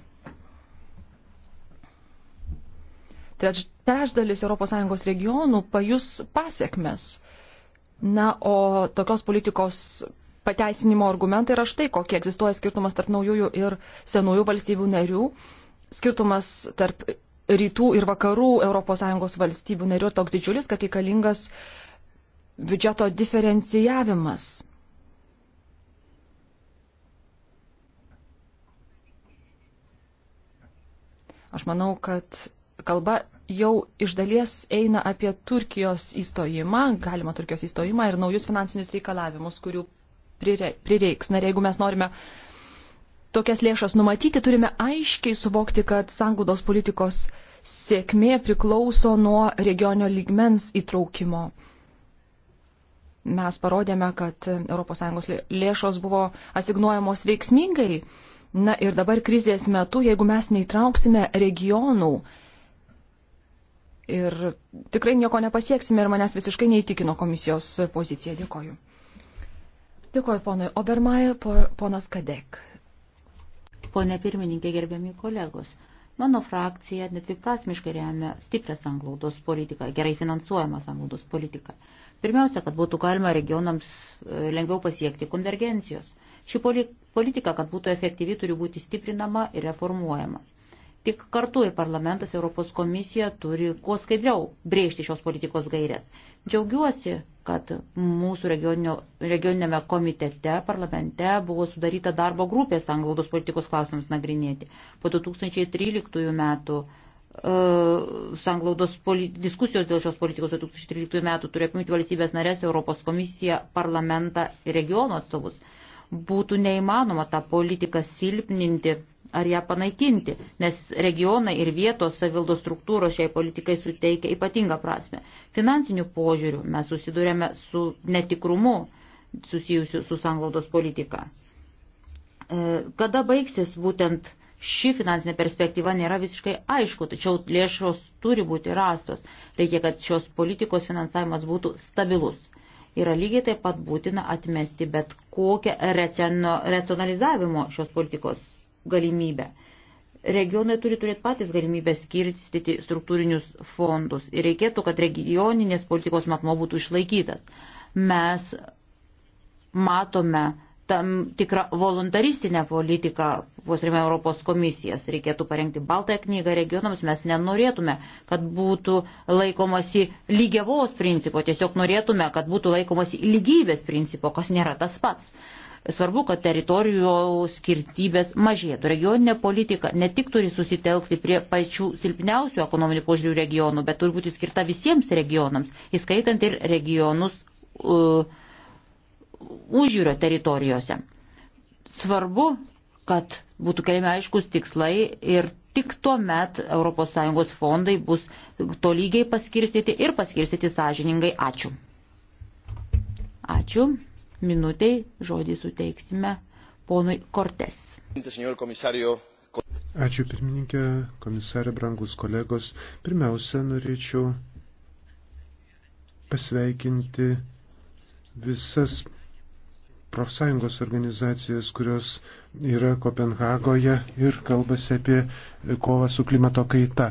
Trečdalis ES regionų pajus pasiekmes Na, o tokios politikos pateisinimo argumentai yra štai, kokie egzistuoja skirtumas tarp naujųjų ir senųjų valstybių narių. Skirtumas tarp rytų ir vakarų ES valstybių narių toks didžiulis, kad reikalingas biudžeto diferencijavimas. Aš manau, kad kalba jau iš dalies eina apie Turkijos įstojimą, galima Turkijos įstojimą ir naujus finansinius reikalavimus, kurių prireiks. Na ir jeigu mes norime tokias lėšas numatyti, turime aiškiai suvokti, kad sangudos politikos sėkmė priklauso nuo regionio lygmens įtraukimo. Mes parodėme, kad ES lėšos buvo asignuojamos veiksmingai. Na ir dabar krizės metu, jeigu mes neįtrauksime regionų, ir tikrai nieko nepasieksime ir manęs visiškai neįtikino komisijos pozicija. Dėkoju. Dėkoju ponui Obermaje, ponas Kadek. Pone pirmininkė, gerbiami kolegos. Mano frakcija netviprasmiškai remia stiprią sanglaudos politiką, gerai finansuojamą sanglaudos politiką. Pirmiausia, kad būtų galima regionams e, lengviau pasiekti konvergencijos. Ši politika, kad būtų efektyvi, turi būti stiprinama ir reformuojama. Tik kartu į parlamentas Europos komisija turi kuo skaidriau brėžti šios politikos gairias. Džiaugiuosi, kad mūsų regioninėme komitete, parlamente buvo sudaryta darbo grupė sanglaudos politikos klausimams nagrinėti. Po 2013 metų e, sanglaudos diskusijos dėl šios politikos 2013 metų turi apimti valstybės narės, Europos komisiją, parlamentą ir regiono atstovus. Būtų neįmanoma tą politiką silpninti ar ją panaikinti, nes regionai ir vietos savildos struktūros šiai politikai suteikia ypatingą prasme. Finansinių požiūrių mes susidurėme su netikrumu susijusiu su sanglaudos politika. E, kada baigsis būtent ši finansinė perspektyva nėra visiškai aišku, tačiau lėšos turi būti rastos. Reikia, kad šios politikos finansavimas būtų stabilus. Yra lygiai taip pat būtina atmesti bet kokią racionalizavimo šios politikos galimybę. Regionai turi turėti patys galimybę skirstyti struktūrinius fondus ir reikėtų, kad regioninės politikos matmo būtų išlaikytas. Mes matome tam tikrą voluntaristinę politiką, puoselime Europos komisijas, reikėtų parengti baltąją knygą regionams, mes nenorėtume, kad būtų laikomasi lygiavos principo, tiesiog norėtume, kad būtų laikomasi lygybės principo, kas nėra tas pats. Uh, Svarbu, kad teritorijų skirtybės mažėtų. Regioninė politika ne tik turi susitelkti prie pačių silpniausių ekonominių požiūrių regionų, bet turi būti skirta visiems regionams, įskaitant ir regionus uh, užjūrio teritorijose. Svarbu, kad būtų keliami aiškus tikslai ir tik tuo met ES fondai bus tolygiai paskirstyti ir paskirstyti sąžiningai. Ačiū. Ačiū minutiai žodį suteiksime ponui Kortes. Ačiū pirmininkė, komisarė, brangus kolegos. Pirmiausia, norėčiau pasveikinti visas profsąjungos organizacijas, kurios yra Kopenhagoje ir kalbasi apie kovą su klimato kaita.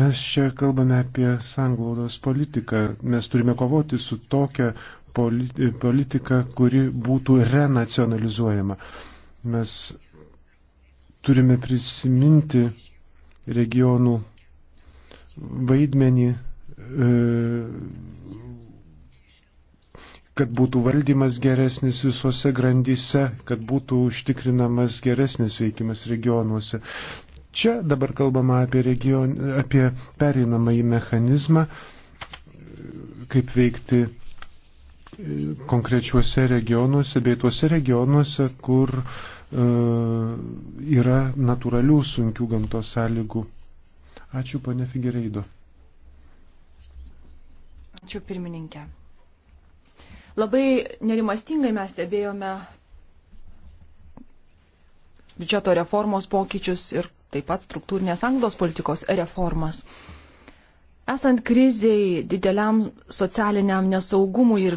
Mes čia kalbame apie sanglaudos politiką. Mes turime kovoti su tokia politika, kuri būtų renacionalizuojama. Mes turime prisiminti regionų vaidmenį, e, kad būtų valdymas geresnis visose grandyse, kad būtų užtikrinamas geresnis veikimas regionuose. Čia dabar kalbama apie, region, apie pereinamąjį mechanizmą, kaip veikti konkrečiuose regionuose bei tuose regionuose, kur e, yra natūralių sunkių gamtos sąlygų. Ačiū, pane Figereido. Ačiū, pirmininkė. Labai nerimastingai mes stebėjome biudžeto reformos pokyčius ir taip pat struktūrinės anglos politikos reformas. E, Esant kriziai, dideliam socialiniam nesaugumui ir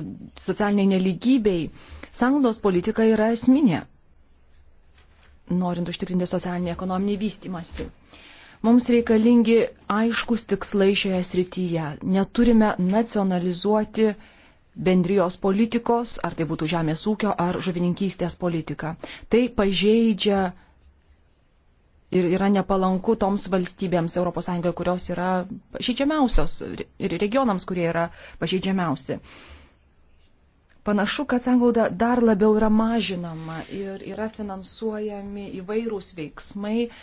socialiniai neligybei, sanglos politika yra esminė, norint užtikrinti socialinį ekonominį vystimąsi. Mums reikalingi aiškus tikslai šioje srityje. Neturime nacionalizuoti bendrijos politikos, ar tai būtų žemės ūkio ar žuvininkystės politika. Tai pažeidžia ir yra nepalanku toms valstybėms ES, kurios yra pažeidžiamiausios ir regionams, kurie yra pažeidžiamiausi. Panašu, kad sanglauda dar labiau yra mažinama ir yra finansuojami įvairūs veiksmai, uh,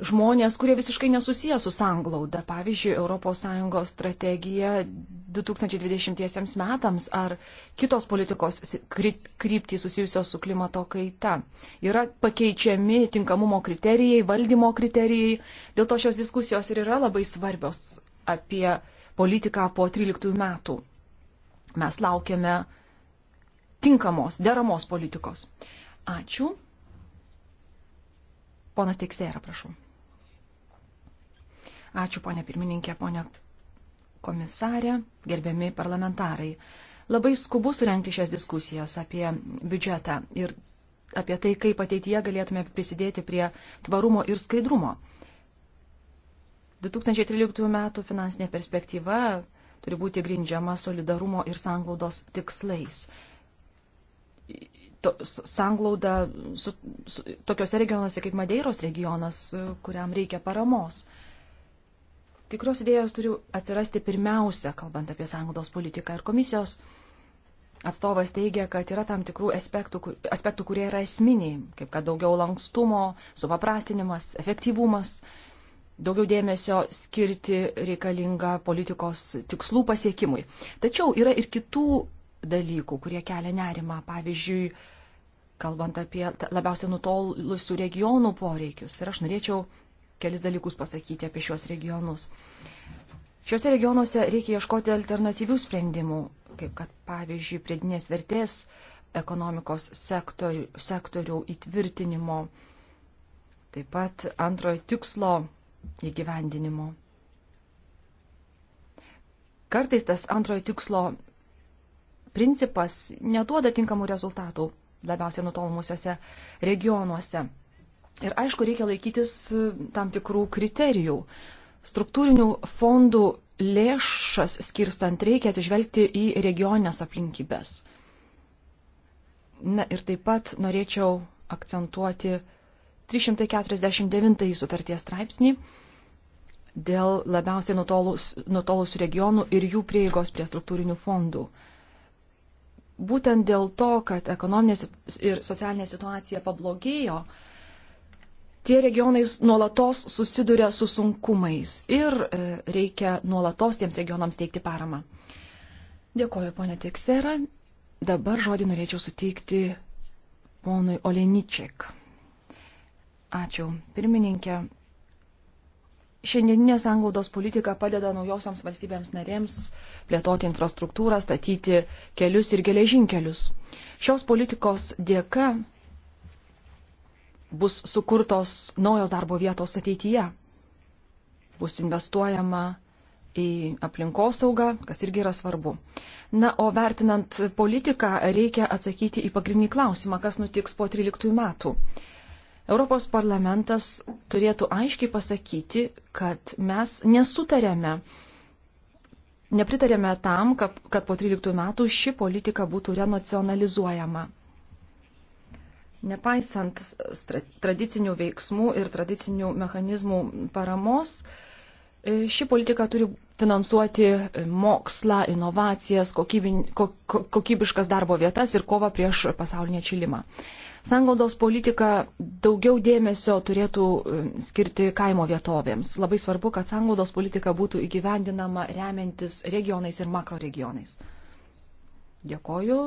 žmonės, kurie visiškai nesusiję su sanglauda, pavyzdžiui, ES strategija 2020 metams ar kitos politikos kryptys susijusios su klimato kaita. Yra pakeičiami tinkamumo kriterijai, valdymo kriterijai, dėl to šios diskusijos ir yra labai svarbios apie politiką po 13 metų. Mes laukiame tinkamos, deramos politikos. Ačiū. Ponas Teksėra, prašau. Ačiū, ponė pirmininkė, ponė komisarė, gerbiami parlamentarai. Labai skubu surenkti šias diskusijas apie biudžetą ir apie tai, kaip ateityje galėtume prisidėti prie tvarumo ir skaidrumo. 2013 m. finansinė perspektyva turi būti grindžiama solidarumo ir sanglaudos tikslais. To, sanglauda su, su, tokiuose regionuose kaip Madeiros regionas, kuriam reikia paramos. Kai kurios idėjos turi atsirasti pirmiausia, kalbant apie sąnaudos politiką ir komisijos. Atstovas teigia, kad yra tam tikrų aspektų, kur, aspektų, kurie yra esminiai, kaip kad daugiau lankstumo, supaprastinimas, efektyvumas, daugiau dėmesio skirti reikalinga politikos tikslų pasiekimui. Tačiau yra ir kitų dalykų, kurie kelia nerimą. Pavyzdžiui, kalbant apie labiausiai nutolusių regionų poreikius. Ir aš norėčiau kelis dalykus pasakyti apie šios regionus. Šiuose regionuose reikia ieškoti alternatyvių sprendimų, kaip kad pavyzdžiui pridinės vertės ekonomikos sektorių, sektorių įtvirtinimo, taip pat antrojo tikslo įgyvendinimo. Kartais tas antrojo tikslo principas neduoda tinkamų rezultatų labiausiai nutolumusiuose regionuose. Ir aišku, reikia laikytis e, tam tikrų kriterijų. Struktūrinių fondų lėšas skirstant reikia atsižvelgti į regioninės aplinkybės. Na ir taip pat norėčiau akcentuoti 349 sutarties straipsnį dėl labiausiai nutolusių nutolus regionų ir jų prieigos prie struktūrinių fondų. Būtent dėl to, kad ekonominė ir socialinė situacija pablogėjo, tie regionai nuolatos susiduria su sunkumais ir e, reikia nuolatos tiems regionams teikti paramą. Dėkoju, ponė Teksera. Dabar žodį norėčiau suteikti ponui Oleničiek. Ačiū, pirmininkė. Šiandieninė sanglaudos politika padeda naujosioms valstybėms narėms plėtoti infrastruktūrą, statyti kelius ir geležinkelius. Šios politikos dėka bus sukurtos naujos darbo vietos ateityje. Bus investuojama į aplinkosaugą, kas irgi yra svarbu. Na, o vertinant politiką, reikia atsakyti į pagrindinį klausimą, kas nutiks po 13 metų. Europos parlamentas turėtų aiškiai pasakyti, kad mes nesutarėme, nepritarėme tam, kad, kad po 13 metų ši politika būtų renacionalizuojama. Nepaisant tradicinių veiksmų ir tradicinių mechanizmų paramos, e, ši politika turi finansuoti e, mokslą, inovacijas, kokybin, kokybiškas darbo vietas ir kovą prieš pasaulinį atšilimą. Sangaudos politika daugiau dėmesio turėtų e, skirti kaimo vietovėms. Labai svarbu, kad sangaudos politika būtų įgyvendinama remiantis regionais ir makroregionais. Dėkoju.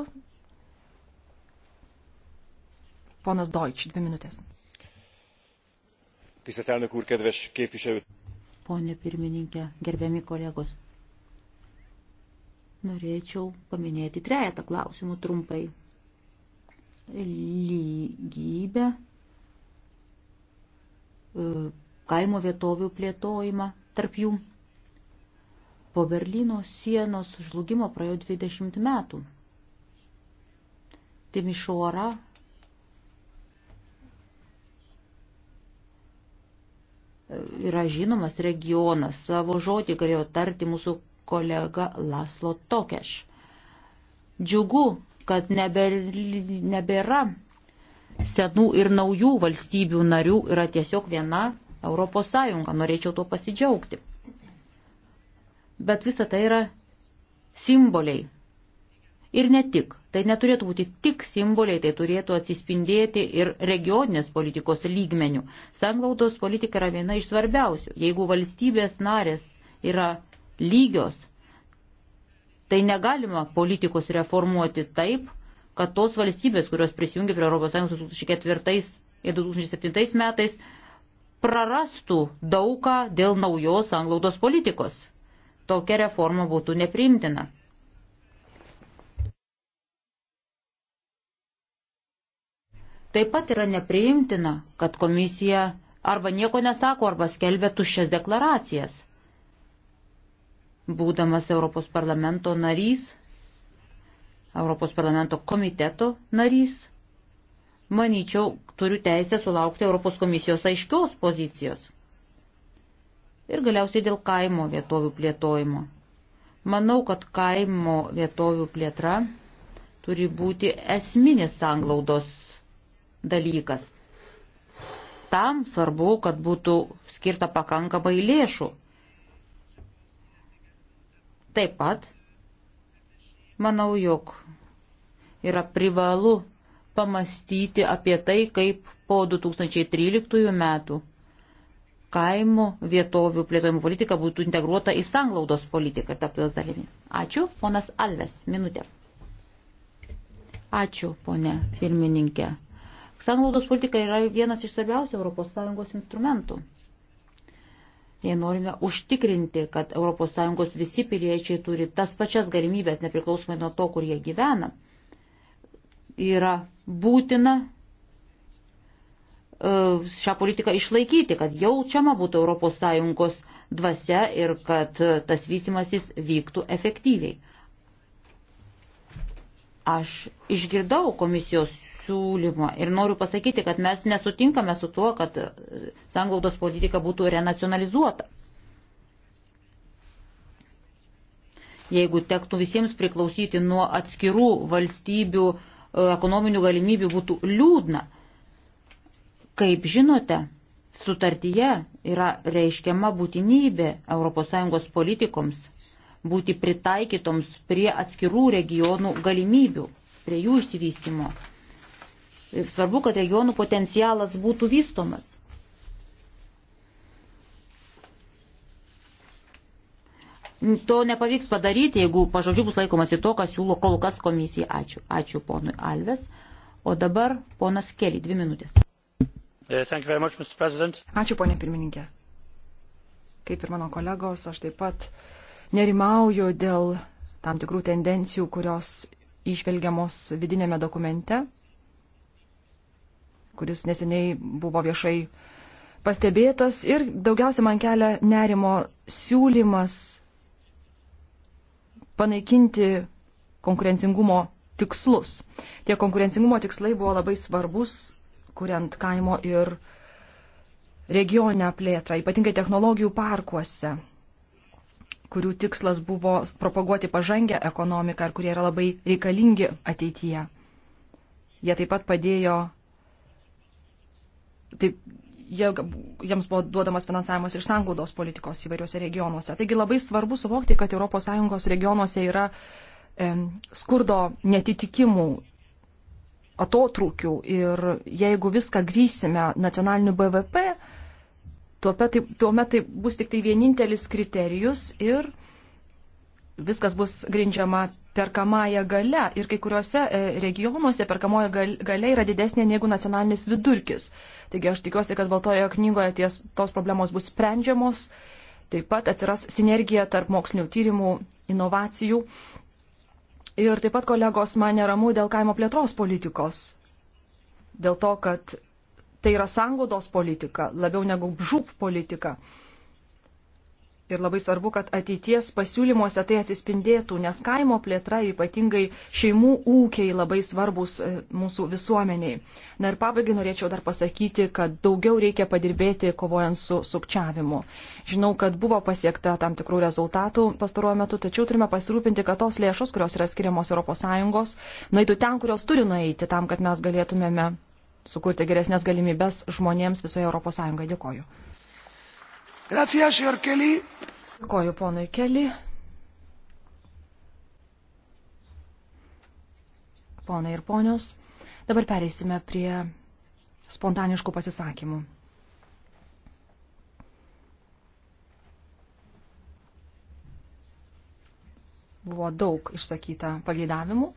Ponas Deutsch, dvi minutės. Tisztelt elnök úr, kedves képviselő! Pone pirmininkė, gerbiami kolegos, norėčiau paminėti trejatą klausimų trumpai. Lygybę, e, kaimo vietovių plėtojimą tarp jų. Po Berlyno sienos žlugimo praėjo 20 metų. Timišora yra žinomas regionas. Savo žodį galėjo tarti mūsų kolega Laslo Tokeš. Džiugu, kad nebėra senų ir naujų valstybių narių, yra tiesiog viena Europos Sąjunga. Norėčiau tuo pasidžiaugti. Bet visa tai yra simboliai, Ir ne tik. Tai neturėtų būti tik simboliai, tai turėtų atsispindėti ir regioninės politikos lygmenių. Sanglaudos politika yra viena iš svarbiausių. Jeigu valstybės narės yra lygios, tai negalima politikos reformuoti taip, kad tos valstybės, kurios prisijungė prie ES 2004 ir 2007 metais, prarastų daugą dėl naujos sanglaudos politikos. Tokia reforma būtų nepriimtina. Taip pat yra nepriimtina, kad komisija arba nieko nesako, arba skelbia tuščias deklaracijas. Būdamas Europos parlamento narys, Europos parlamento komiteto narys, manyčiau, turiu teisę sulaukti Europos komisijos aiškios pozicijos. Ir galiausiai dėl kaimo vietovių plėtojimo. Manau, kad kaimo vietovių plėtra turi būti esminis sanglaudos dalykas. Tam svarbu, kad būtų skirta pakankamai lėšų. Taip pat, manau, jog yra privalu pamastyti apie tai, kaip po 2013 metų kaimo vietovių plėtojimo politika būtų integruota į sanglaudos politiką ir taptų jos dalimi. Ačiū, ponas Alves, minutė. Ačiū, ponė pirmininkė. Sanglaudos politika yra vienas iš svarbiausių ES instrumentų. Jei norime užtikrinti, kad ES visi piliečiai turi tas pačias galimybės, nepriklausomai nuo to, kur jie gyvena, yra būtina e, šią politiką išlaikyti, kad jaučiama būtų ES dvasia ir kad tas vystimasis vyktų efektyviai. Aš išgirdau komisijos siūlymo. Ir noriu pasakyti, kad mes nesutinkame su tuo, kad sanglaudos politika būtų renacionalizuota. Jeigu tektų visiems priklausyti nuo atskirų valstybių e, ekonominių galimybių, būtų liūdna. Kaip žinote, sutartyje yra reiškiama būtinybė ES politikoms būti pritaikytoms prie atskirų regionų galimybių, prie jų išsivystimo. Svarbu, kad regionų potencialas būtų vystomas. To nepavyks padaryti, jeigu pažodžiu bus laikomasi to, kas siūlo kol kas komisija. Ačiū. Ačiū ponui Alves. O dabar ponas Keli, dvi minutės. Uh, much, Ačiū, ponė pirmininkė. Kaip ir mano kolegos, aš taip pat nerimauju dėl tam tikrų tendencijų, kurios išvelgiamos vidinėme dokumente, kuris neseniai buvo viešai pastebėtas ir daugiausia man kelia nerimo siūlymas panaikinti konkurencingumo tikslus. Tie konkurencingumo tikslai buvo labai svarbus, kuriant kaimo ir regioninę plėtrą, ypatingai technologijų parkuose, kurių tikslas buvo propaguoti pažangę ekonomiką ir kurie yra labai reikalingi ateityje. Jie taip pat padėjo taip, jie, jiems buvo duodamas finansavimas iš sanglaudos politikos įvairiuose regionuose. Taigi labai svarbu suvokti, kad ES regionuose yra e, skurdo netitikimų, atotrūkių ir jeigu viską grįsime nacionaliniu BVP, tuomet tai, tuomet tai bus tik tai vienintelis kriterijus ir viskas bus grindžiama perkamąją galę ir kai kuriuose e, regionuose perkamoji galia yra didesnė negu nacionalinis vidurkis. Taigi aš tikiuosi, kad Baltojoje knygoje ties tos problemos bus sprendžiamos. Taip pat atsiras sinergija tarp mokslinių tyrimų, inovacijų. Ir taip pat kolegos man neramu dėl kaimo plėtros politikos. Dėl to, kad tai yra sangodos politika, labiau negu žūp politika. Ir labai svarbu, kad ateities pasiūlymuose tai atsispindėtų, nes kaimo plėtra, ypatingai šeimų ūkiai, labai svarbus e, mūsų visuomeniai. Na ir pabaigai norėčiau dar pasakyti, kad daugiau reikia padirbėti kovojant su sukčiavimu. Žinau, kad buvo pasiekta tam tikrų rezultatų pastaruoju metu, tačiau turime pasirūpinti, kad tos lėšos, kurios yra skiriamos ES, nueitų ten, kurios turi nueiti, tam, kad mes galėtumėme sukurti geresnės galimybės žmonėms visoje ES. Dėkoju. Dėkoju ponui Keli. Ponai ir ponios, dabar pereisime prie spontaniškų pasisakymų. Buvo daug išsakyta pageidavimų.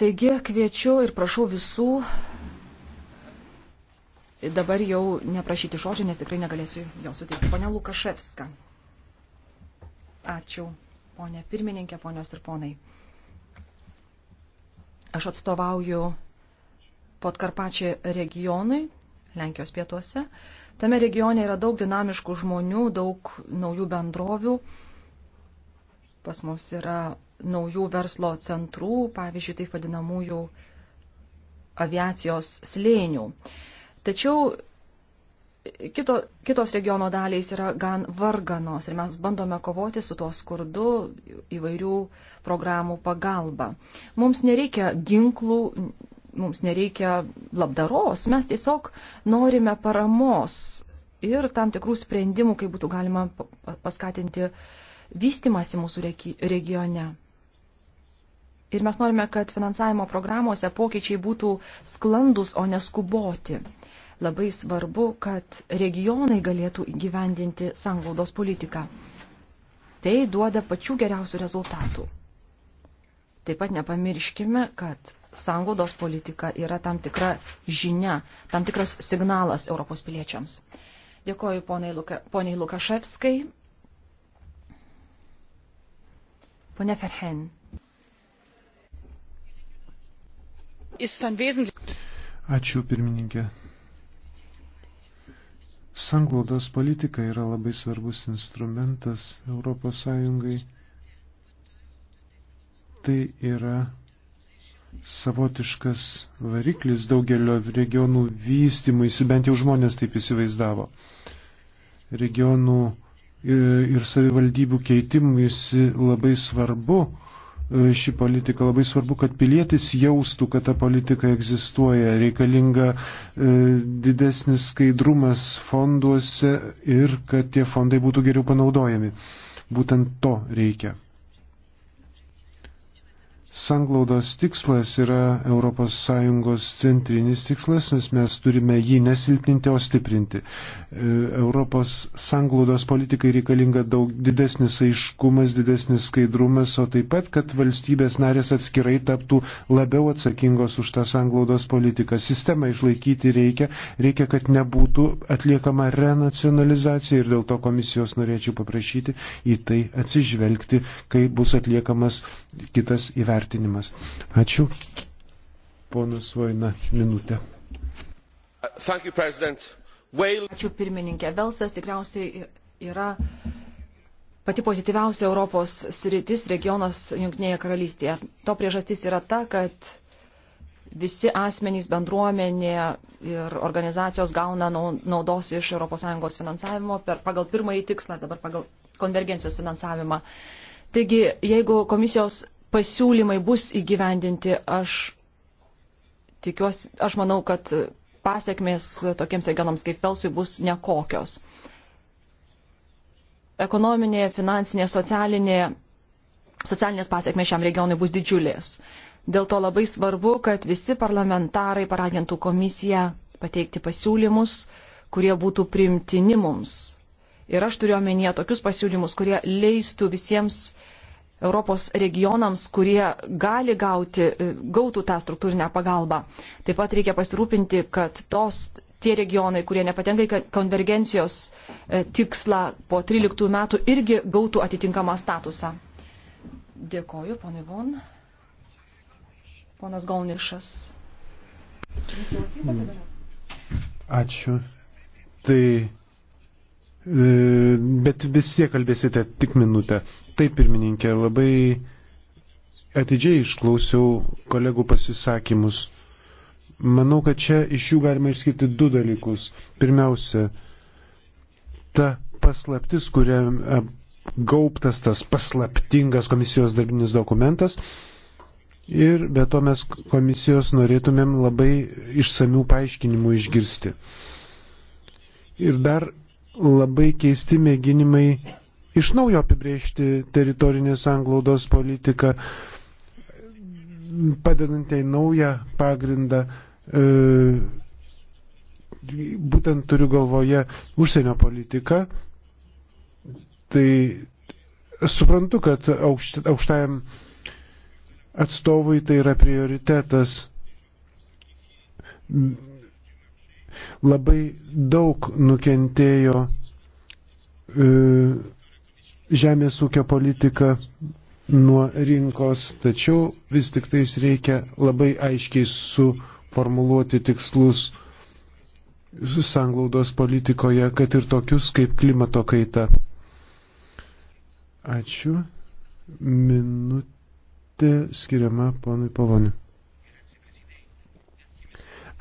Taigi kviečiu ir prašau visų dabar jau neprašyti žodžio, nes tikrai negalėsiu jo suteikti. Pone Lukaševska. Ačiū, ponė pirmininkė, ponios ir ponai. Aš atstovauju Podkarpačiai regionui, Lenkijos pietuose. Tame regione yra daug dinamiškų žmonių, daug naujų bendrovių. Pas mus yra naujų verslo centrų, pavyzdžiui, taip vadinamųjų aviacijos slėnių. Uh, Tačiau kito, kitos regiono dalys yra gan varganos ir mes bandome kovoti su tuo skurdu įvairių programų pagalba. Mums nereikia ginklų, mums nereikia labdaros, mes tiesiog norime paramos ir tam tikrų sprendimų, kaip būtų galima paskatinti vystimasi mūsų regione. Ir mes norime, kad finansavimo programuose pokyčiai būtų sklandus, o neskuboti. skuboti labai svarbu, kad regionai galėtų įgyvendinti sanglaudos politiką. Tai duoda pačių geriausių rezultatų. Taip pat nepamirškime, kad sanglaudos politika yra tam tikra žinia, tam tikras signalas Europos piliečiams. Dėkoju poniai, Luka, poniai Lukaševskai. Pone Ferhen. Ačiū pirmininkė. Sanglaudos politika yra labai svarbus instrumentas ES. Tai yra savotiškas variklis daugelio regionų vystymui, bent jau žmonės taip įsivaizdavo. Regionų ir savivaldybių keitimuisi labai svarbu šį politiką. Labai svarbu, kad pilietis jaustų, kad ta politika egzistuoja. Reikalinga e, didesnis skaidrumas fonduose ir kad tie fondai būtų geriau panaudojami. Būtent to reikia. Sanglaudos tikslas yra ES centrinis tikslas, nes mes turime jį nesilpninti, o stiprinti. E, Europos sanglaudos politikai reikalinga daug didesnis aiškumas, didesnis skaidrumas, o taip pat, kad valstybės narės atskirai taptų labiau atsakingos už tą sanglaudos politiką. Sistemą išlaikyti reikia, reikia, kad nebūtų atliekama renacionalizacija ir dėl to komisijos norėčiau paprašyti į tai atsižvelgti, kai bus atliekamas kitas įvertinimas vertinimas. Ačiū. Ponas Vaina, minutė. You, Vail... Ačiū pirmininkė. Velsas tikriausiai yra pati pozityviausia Europos sritis regionas Junktinėje karalystėje. To priežastis yra ta, kad visi asmenys, bendruomenė ir organizacijos gauna naudos iš ES finansavimo per, pagal pirmąjį tikslą, dabar pagal konvergencijos finansavimą. Taigi, jeigu komisijos pasiūlymai bus įgyvendinti, aš tikiuosi, aš manau, kad pasiekmės tokiems regionams kaip Velsui bus nekokios. Ekonominė, finansinė, socialinė, socialinės pasiekmės šiam regionui bus didžiulės. Dėl to labai svarbu, kad visi parlamentarai paragintų komisiją pateikti pasiūlymus, kurie būtų primtini mums. Ir aš turiu omenyje tokius pasiūlymus, kurie leistų visiems Europos regionams, kurie gali gauti, e, gautų tą struktūrinę pagalbą. Taip pat reikia pasirūpinti, kad tos, tie regionai, kurie nepatenka į konvergencijos e, tikslą po 13 metų, irgi gautų atitinkamą statusą. Dėkoju, ponai Von. Ponas Golnišas. Hmm. Ačiū. Tai. E, bet vis tiek kalbėsite tik minutę. Taip, pirmininkė, labai atidžiai išklausiau kolegų pasisakymus. Manau, kad čia iš jų galima išskirti du dalykus. Pirmiausia, ta paslaptis, kuria e, gauptas tas paslaptingas komisijos darbinis dokumentas. Ir be to mes komisijos norėtumėm labai išsamių paaiškinimų išgirsti. Ir dar labai keisti mėginimai iš naujo apibriežti teritorinės anglaudos politiką, padedant jai naują pagrindą. E, būtent turiu galvoje užsienio politiką. Tai suprantu, kad aukštajam atstovui tai yra prioritetas. Labai daug nukentėjo e, žemės ūkio politiką nuo rinkos, tačiau vis tik tais reikia labai aiškiai suformuluoti tikslus sanglaudos politikoje, kad ir tokius kaip klimato kaita. Ačiū. Minutė skiriama ponui Poloniui.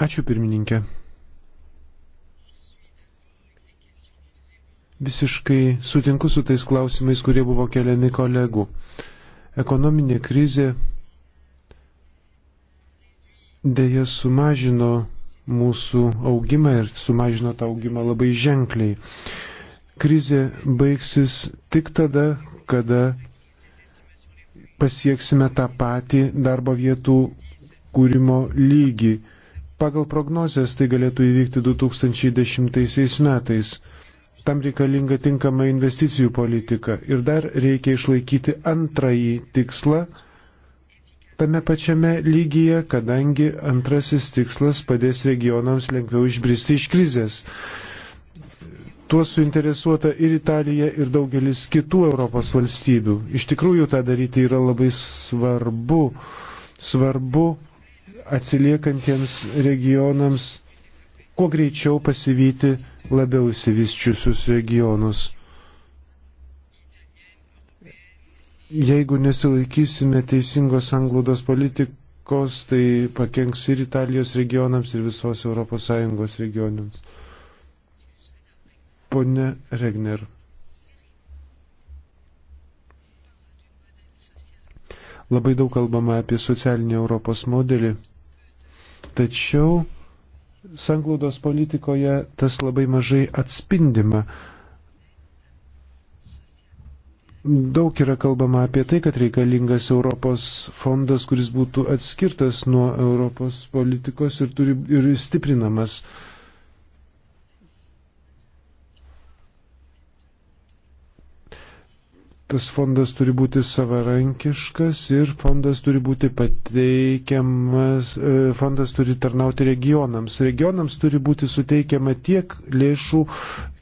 Ačiū pirmininkė. visiškai sutinku su tais klausimais, kurie buvo keliami kolegų. Ekonominė krizė dėja sumažino mūsų augimą ir sumažino tą augimą labai ženkliai. Krizė baigsis tik tada, kada pasieksime tą patį darbo vietų kūrimo lygį. Pagal prognozijas tai galėtų įvykti 2010 metais. Tam reikalinga tinkama investicijų politika. Ir dar reikia išlaikyti antrąjį tikslą tame pačiame lygyje, kadangi antrasis tikslas padės regionams lengviau išbristi iš krizės. Tuo suinteresuota ir Italija, ir daugelis kitų Europos valstybių. Iš tikrųjų, tą daryti yra labai svarbu. Svarbu atsiliekantiems regionams kuo greičiau pasivyti labiau įsivyščiusius regionus. Jeigu nesilaikysime teisingos anglodos politikos, tai pakenks ir Italijos regionams, ir visos ES regionams. Pone Regner. Labai daug kalbama apie socialinį Europos modelį, tačiau sanglaudos politikoje tas labai mažai atspindima. Daug yra kalbama apie tai, kad reikalingas Europos fondas, kuris būtų atskirtas nuo Europos politikos ir, turi, ir stiprinamas uh, tas fondas turi būti savarankiškas ir fondas turi būti pateikiamas, e, fondas turi tarnauti regionams. Regionams turi būti suteikiama tiek lėšų,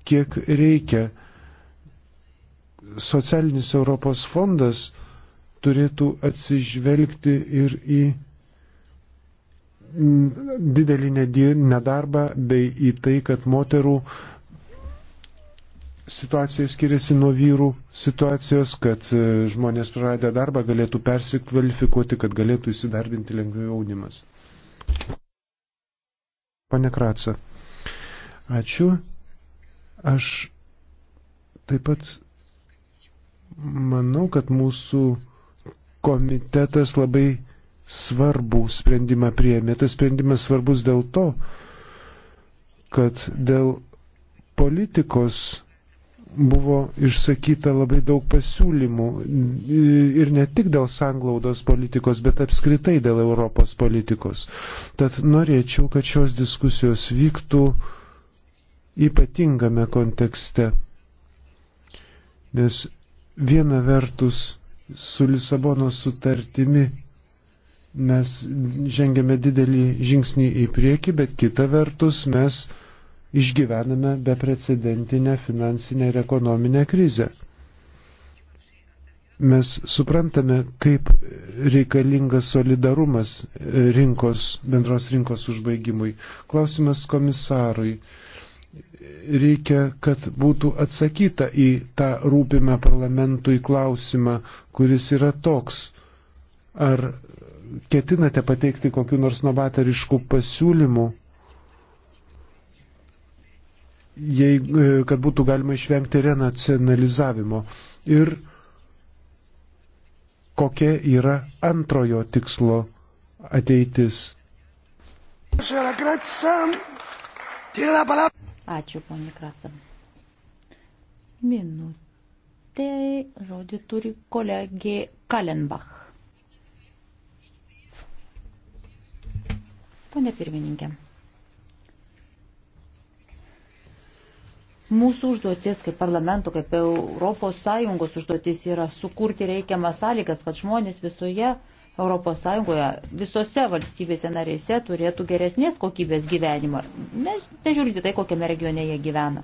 kiek reikia. Socialinis Europos fondas turėtų atsižvelgti ir į didelį nedarbą bei į tai, kad moterų uh, situacija skiriasi nuo vyrų situacijos, kad e, žmonės praradę darbą galėtų persikvalifikuoti, kad galėtų įsidarbinti lengviau jaunimas. Pane Kratsa, ačiū. Aš taip pat manau, kad mūsų komitetas labai svarbų sprendimą prieėmė. Tas sprendimas svarbus dėl to, kad dėl politikos buvo išsakyta labai daug pasiūlymų ir ne tik dėl sanglaudos politikos, bet apskritai dėl Europos politikos. Tad norėčiau, kad šios diskusijos vyktų ypatingame kontekste. Nes viena vertus su Lisabonos sutartimi mes žengėme didelį žingsnį į priekį, bet kita vertus mes išgyvename beprecedentinę finansinę ir ekonominę krizę. Mes suprantame, kaip reikalingas solidarumas rinkos, bendros rinkos užbaigimui. Klausimas komisarui reikia, kad būtų atsakyta į tą rūpimą parlamentui klausimą, kuris yra toks. Ar ketinate pateikti kokiu nors novatariškų pasiūlymų, jei, e, kad būtų galima išvengti renacionalizavimo. Ir kokia yra antrojo tikslo ateitis. Ačiū, ponė Krasam. Minutė žodį turi kolegė Kalenbach. Pone pirmininkė. Mūsų užduotis kaip parlamento, kaip ES užduotis yra sukurti reikiamas sąlygas, kad žmonės visoje ES, visose valstybėse narėse turėtų geresnės kokybės gyvenimą, nežiūrinti tai, kokiame regione jie gyvena.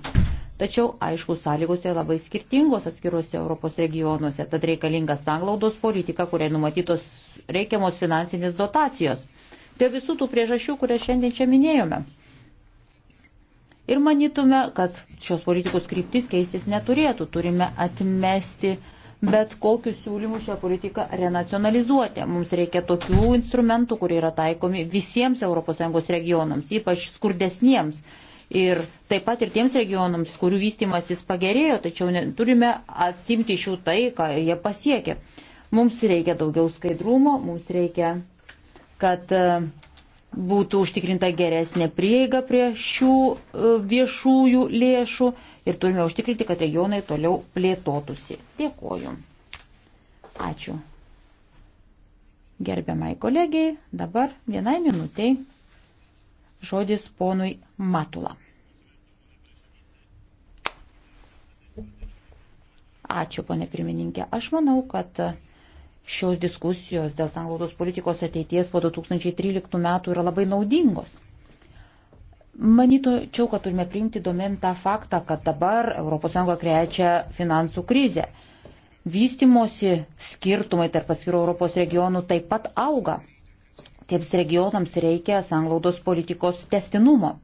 Tačiau, aišku, sąlygos yra labai skirtingos atskiruose Europos regionuose, tad reikalinga sanglaudos politika, kuriai numatytos reikiamos finansinės dotacijos. Dėl visų tų priežasčių, kurias šiandien čia minėjome ir manytume, kad šios politikos kryptis keistis neturėtų. Turime atmesti bet kokius siūlymus šią politiką renacionalizuoti. Mums reikia tokių instrumentų, kurie yra taikomi visiems ES regionams, ypač skurdesniems. Ir taip pat ir tiems regionams, kurių vystimasis pagerėjo, tačiau ne, turime atimti iš jų tai, ką jie pasiekė. Mums reikia daugiau skaidrumo, mums reikia, kad uh, būtų užtikrinta geresnė prieiga prie šių e, viešųjų lėšų ir turime užtikrinti, kad regionai toliau plėtotųsi. Dėkoju. Ačiū. Gerbiamai kolegijai, dabar vienai minutiai žodis ponui Matula. Ačiū, ponė pirmininkė. Aš manau, kad šios diskusijos dėl sanglaudos politikos ateities po 2013 metų yra labai naudingos. Manyčiau, kad turime priimti domen tą faktą, kad dabar ES krečia finansų krizę. Vystimosi skirtumai tarp atskirų Europos regionų taip pat auga. Tiems regionams reikia sanglaudos politikos testinumo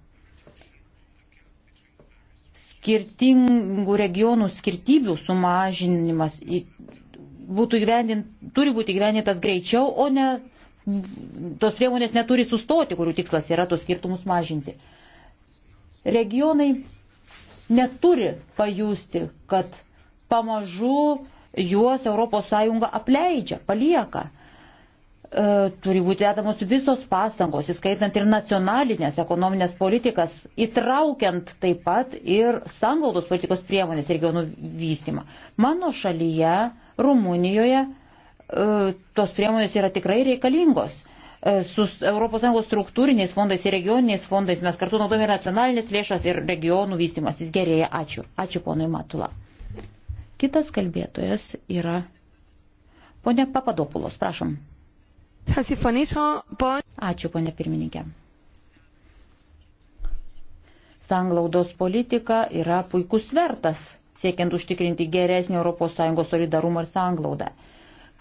skirtingų regionų skirtybių sumažinimas būtų gyvendint, turi būti gyvenintas greičiau, o ne tos priemonės neturi sustoti, kurių tikslas yra tos skirtumus mažinti. Regionai neturi pajusti, kad pamažu juos ES apleidžia, palieka. E, turi būti dedamos visos pastangos, įskaitant ir nacionalinės ekonominės politikas, įtraukiant taip pat ir sanglaudos politikos priemonės regionų vystymą. Mano šalyje Rumunijoje e, tos priemonės yra tikrai reikalingos. E, su ES struktūriniais fondais ir regioniniais fondais mes kartu naudojame nacionalinės lėšas ir regionų vystimas. Jis gerėja. Ačiū. Ačiū ponui Matula. Kitas kalbėtojas yra ponė Papadopulos. Prašom. Ačiū, ponė pirmininkė. Sanglaudos politika yra puikus svertas siekiant užtikrinti geresnį ES solidarumą ir sanglaudą.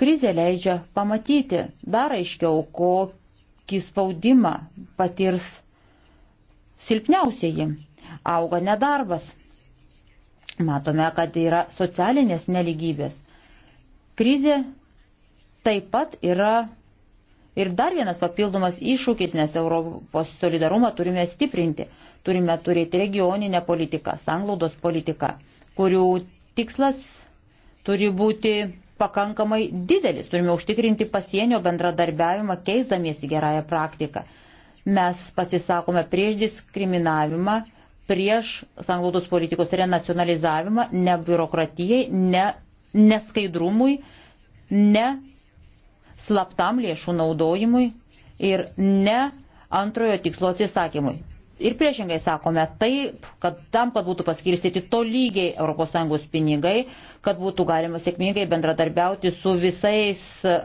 Krizė leidžia pamatyti dar aiškiau, kokį spaudimą patirs silpniausieji. Auga nedarbas. Matome, kad yra socialinės neligybės. Krizė taip pat yra ir dar vienas papildomas iššūkis, nes Europos solidarumą turime stiprinti. Turime turėti regioninę politiką, sanglaudos politiką kurių tikslas turi būti pakankamai didelis. Turime užtikrinti pasienio bendradarbiavimą, keisdamiesi gerąją praktiką. Mes pasisakome prieš diskriminavimą, prieš sanglaudos politikos renacionalizavimą, ne biurokratijai, ne neskaidrumui, ne slaptam lėšų naudojimui ir ne antrojo tikslo atsisakymui ir priešingai sakome taip, kad tam, kad būtų paskirstyti tolygiai ES pinigai, kad būtų galima sėkmingai bendradarbiauti su visais e,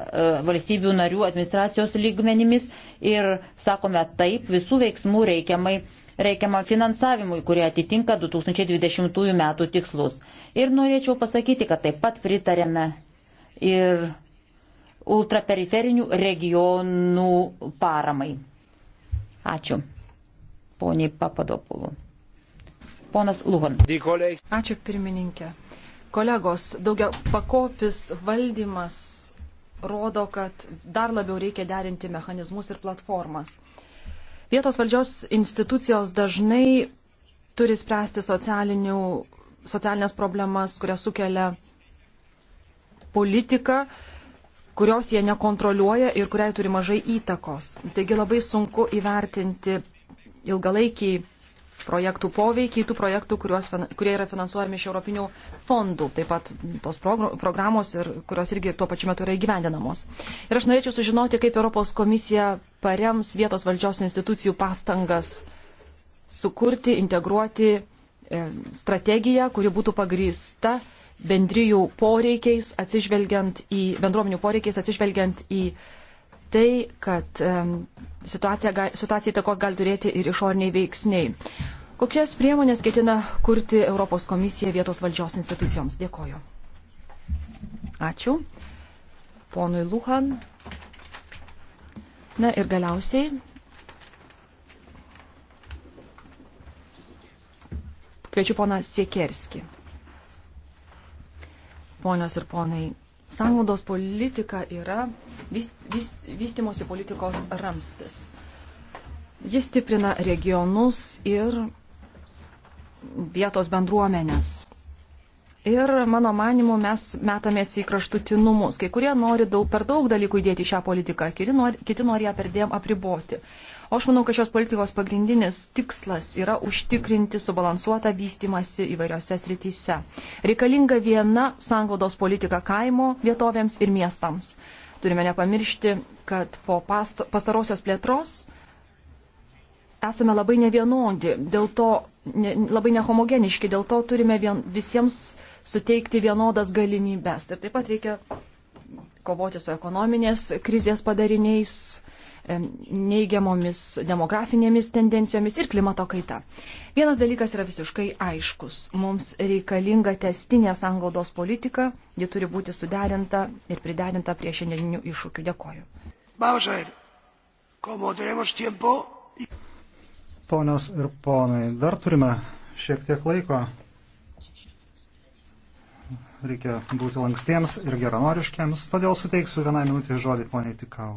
valstybių narių administracijos lygmenimis ir sakome taip visų veiksmų reikiamai reikiamam finansavimui, kurie atitinka 2020 m. tikslus. Ir norėčiau pasakyti, kad taip pat pritarėme ir ultraperiferinių regionų paramai. Ačiū poniai Papadopulų. Ponas Luhan. Ačiū pirmininkė. Kolegos, daugia pakopis valdymas rodo, kad dar labiau reikia derinti mechanizmus ir platformas. Vietos valdžios institucijos dažnai turi spręsti socialinės problemas, kurias sukelia politika, kurios jie nekontroliuoja ir kuriai turi mažai įtakos. Taigi labai sunku įvertinti ilgalaikį projektų poveikį, tų projektų, kuriuos, kurie yra finansuojami iš Europinių fondų, taip pat tos programos, ir, kurios irgi tuo pačiu metu yra įgyvendinamos. Ir aš norėčiau sužinoti, kaip Europos komisija parems vietos valdžios institucijų pastangas sukurti, integruoti e, strategiją, kuri būtų pagrįsta bendrijų poreikiais, atsižvelgiant į bendruomenių poreikiais, atsižvelgiant į uh, tai, kad situaciją įtakos gali turėti ir išorniai veiksniai. Kokias priemonės ketina kurti Europos komisija vietos valdžios institucijoms? Dėkoju. Ačiū. Ponui Luhan. Na ir galiausiai. Kviečiu poną Siekerski. Ponios ir ponai, Sanglaudos politika yra vystimosi politikos ramstis. Jis stiprina regionus ir vietos bendruomenės. Ir mano manimu, mes metamės į kraštutinumus. Kai kurie nori daug, per daug dalykų įdėti šią politiką, kiti nori, kiti nori ją perdėm apriboti. O aš manau, kad šios politikos pagrindinis tikslas yra užtikrinti subalansuotą vystimąsi įvairiose srityse. Reikalinga viena sanglaudos politika kaimo vietovėms ir miestams. Turime nepamiršti, kad po pastarosios plėtros esame labai nevienodi, dėl to ne, labai nehomogeniški, dėl to turime vien, visiems suteikti vienodas galimybes. Ir taip pat reikia kovoti su ekonominės krizės padariniais, neigiamomis demografinėmis tendencijomis ir klimato kaita. Vienas dalykas yra visiškai aiškus. Mums reikalinga testinė sanglaudos politika, ji turi būti suderinta ir priderinta prie šiandieninių iššūkių. Dėkoju. Ponios ir ponai, dar turime šiek tiek laiko reikia būti lankstiems ir geranoriškiams, todėl suteiksiu vieną minutę žodį poniai Tikau.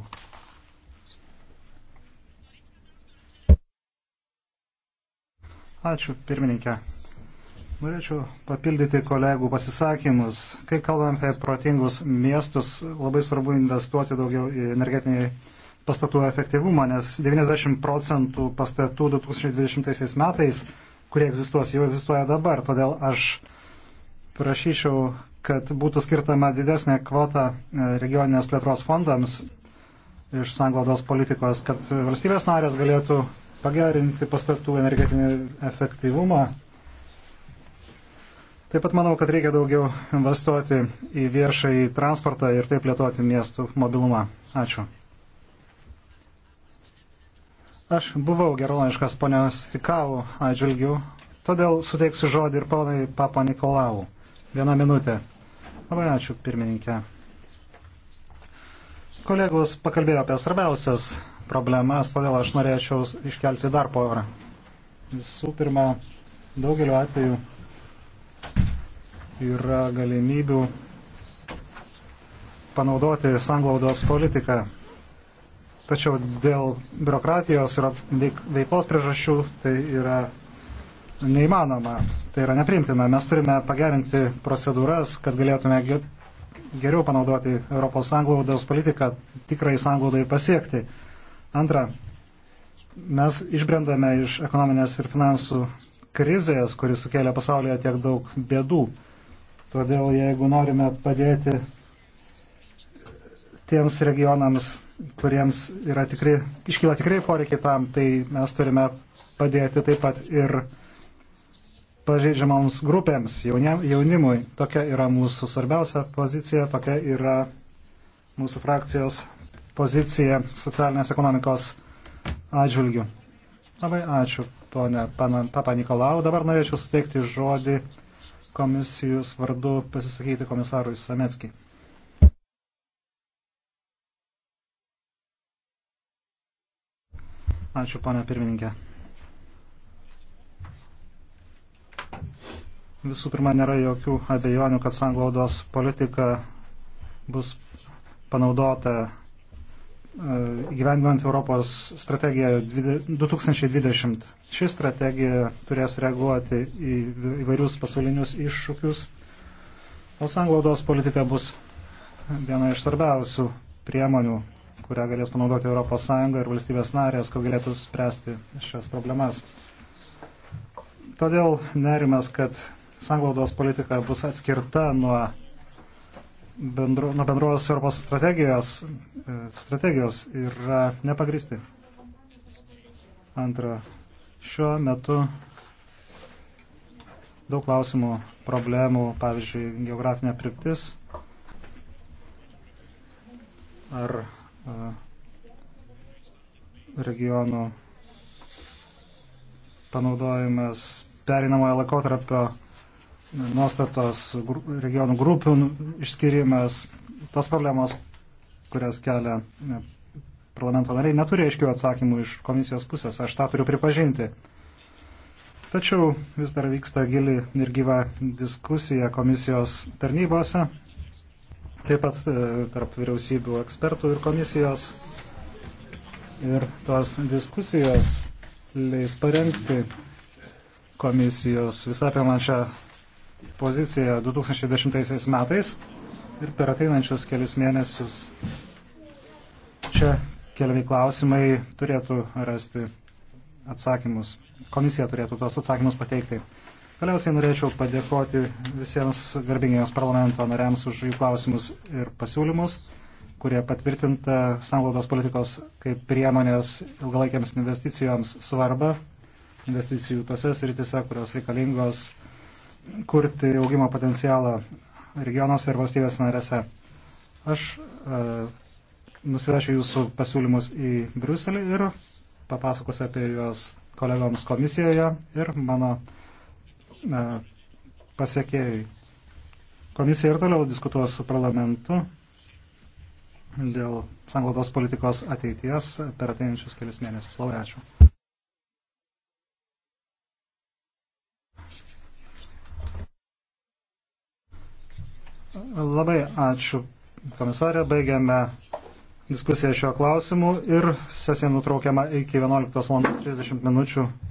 Ačiū, pirmininkė. Norėčiau papildyti kolegų pasisakymus. Kai kalbame apie protingus miestus, labai svarbu investuoti daugiau į energetinį pastatų efektyvumą, nes 90 procentų pastatų 2020 metais, kurie egzistuos, jau egzistuoja dabar. Todėl aš prašyčiau, kad būtų skirtama didesnė kvota e, regioninės plėtros fondams iš sanglaudos politikos, kad valstybės narės galėtų pagerinti pastatų energetinį efektyvumą. Taip pat manau, kad reikia daugiau investuoti į viešąjį transportą ir taip plėtoti miestų mobilumą. Ačiū. Aš buvau gerolaiškas ponios Tikau atžvilgių, todėl suteiksiu žodį ir ponai Papa Nikolau. Vieną minutę. Labai ačiū, pirmininkė. Kolegos pakalbėjo apie svarbiausias problemas, todėl aš norėčiau iškelti dar porą. Visų pirma, daugeliu atveju yra galimybių panaudoti sanglaudos politiką. Tačiau dėl biurokratijos ir veiklos priežasčių tai yra neįmanoma, tai yra neprimtina. Mes turime pagerinti procedūras, kad galėtume geriau panaudoti Europos sanglaudos politiką tikrai sanglaudai pasiekti. Antra, mes išbrendame iš ekonominės ir finansų krizės, kuris sukėlė pasaulyje tiek daug bėdų. Todėl jeigu norime padėti tiems regionams, kuriems yra tikri, iškyla tikrai poreikiai tam, tai mes turime padėti taip pat ir pažeidžiamoms grupėms, jaunimui. Tokia yra mūsų svarbiausia pozicija, tokia yra mūsų frakcijos pozicija socialinės ekonomikos atžvilgių. Labai ačiū, ponė Papa Nikolau. Dabar norėčiau suteikti žodį komisijos vardu pasisakyti komisarui Sametskijai. Ačiū, ponė pirmininkė. Visų pirma, nėra jokių abejonių, kad sanglaudos politika bus panaudota e, gyvendinant Europos strategiją 2020. Ši strategija turės reaguoti į įvairius pasaulinius iššūkius, o sanglaudos politika bus viena iš svarbiausių priemonių, kurią galės panaudoti ES ir valstybės narės, kad galėtų spręsti šias problemas. Todėl nerimas, kad sanglaudos politika bus atskirta nuo, bendro, nuo bendrovės Europos strategijos, e, strategijos yra nepagristi. Antra, šiuo metu daug klausimų, problemų, pavyzdžiui, geografinė priptis ar e, regionų panaudojimas perinamojo laikotarpio nuostatos regionų grupių išskirimas, tos problemos, kurias kelia parlamento nariai, neturi aiškių atsakymų iš komisijos pusės, aš tą turiu pripažinti. Tačiau vis dar vyksta gili ir gyva diskusija komisijos tarnybose, taip pat e, tarp vyriausybių ekspertų ir komisijos. Ir tos diskusijos leis parengti komisijos visą apimančią poziciją 2010 metais ir per ateinančius kelius mėnesius čia keliami klausimai turėtų rasti atsakymus. Komisija turėtų tuos atsakymus pateikti. Galiausiai norėčiau padėkoti visiems garbingiems parlamento nariams už jų klausimus ir pasiūlymus kurie patvirtinta sanglaudos politikos kaip priemonės ilgalaikiams investicijoms svarbą, investicijų tose sritise, kurios reikalingos kurti augimo potencialą regionuose ir valstybės narėse. Aš e, nusivešiu jūsų pasiūlymus į Briuselį ir papasakosiu apie juos kolegoms komisijoje ir mano e, pasiekėjai. Komisija ir toliau diskutuos su parlamentu dėl sanglaudos politikos ateities per ateinančius kelias mėnesius. Labai ačiū. Labai ačiū, komisarė. Baigiame diskusiją šiuo klausimu ir sesija nutraukiama iki 11.30 min.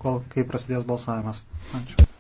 kol kai prasidės balsavimas. Ačiū.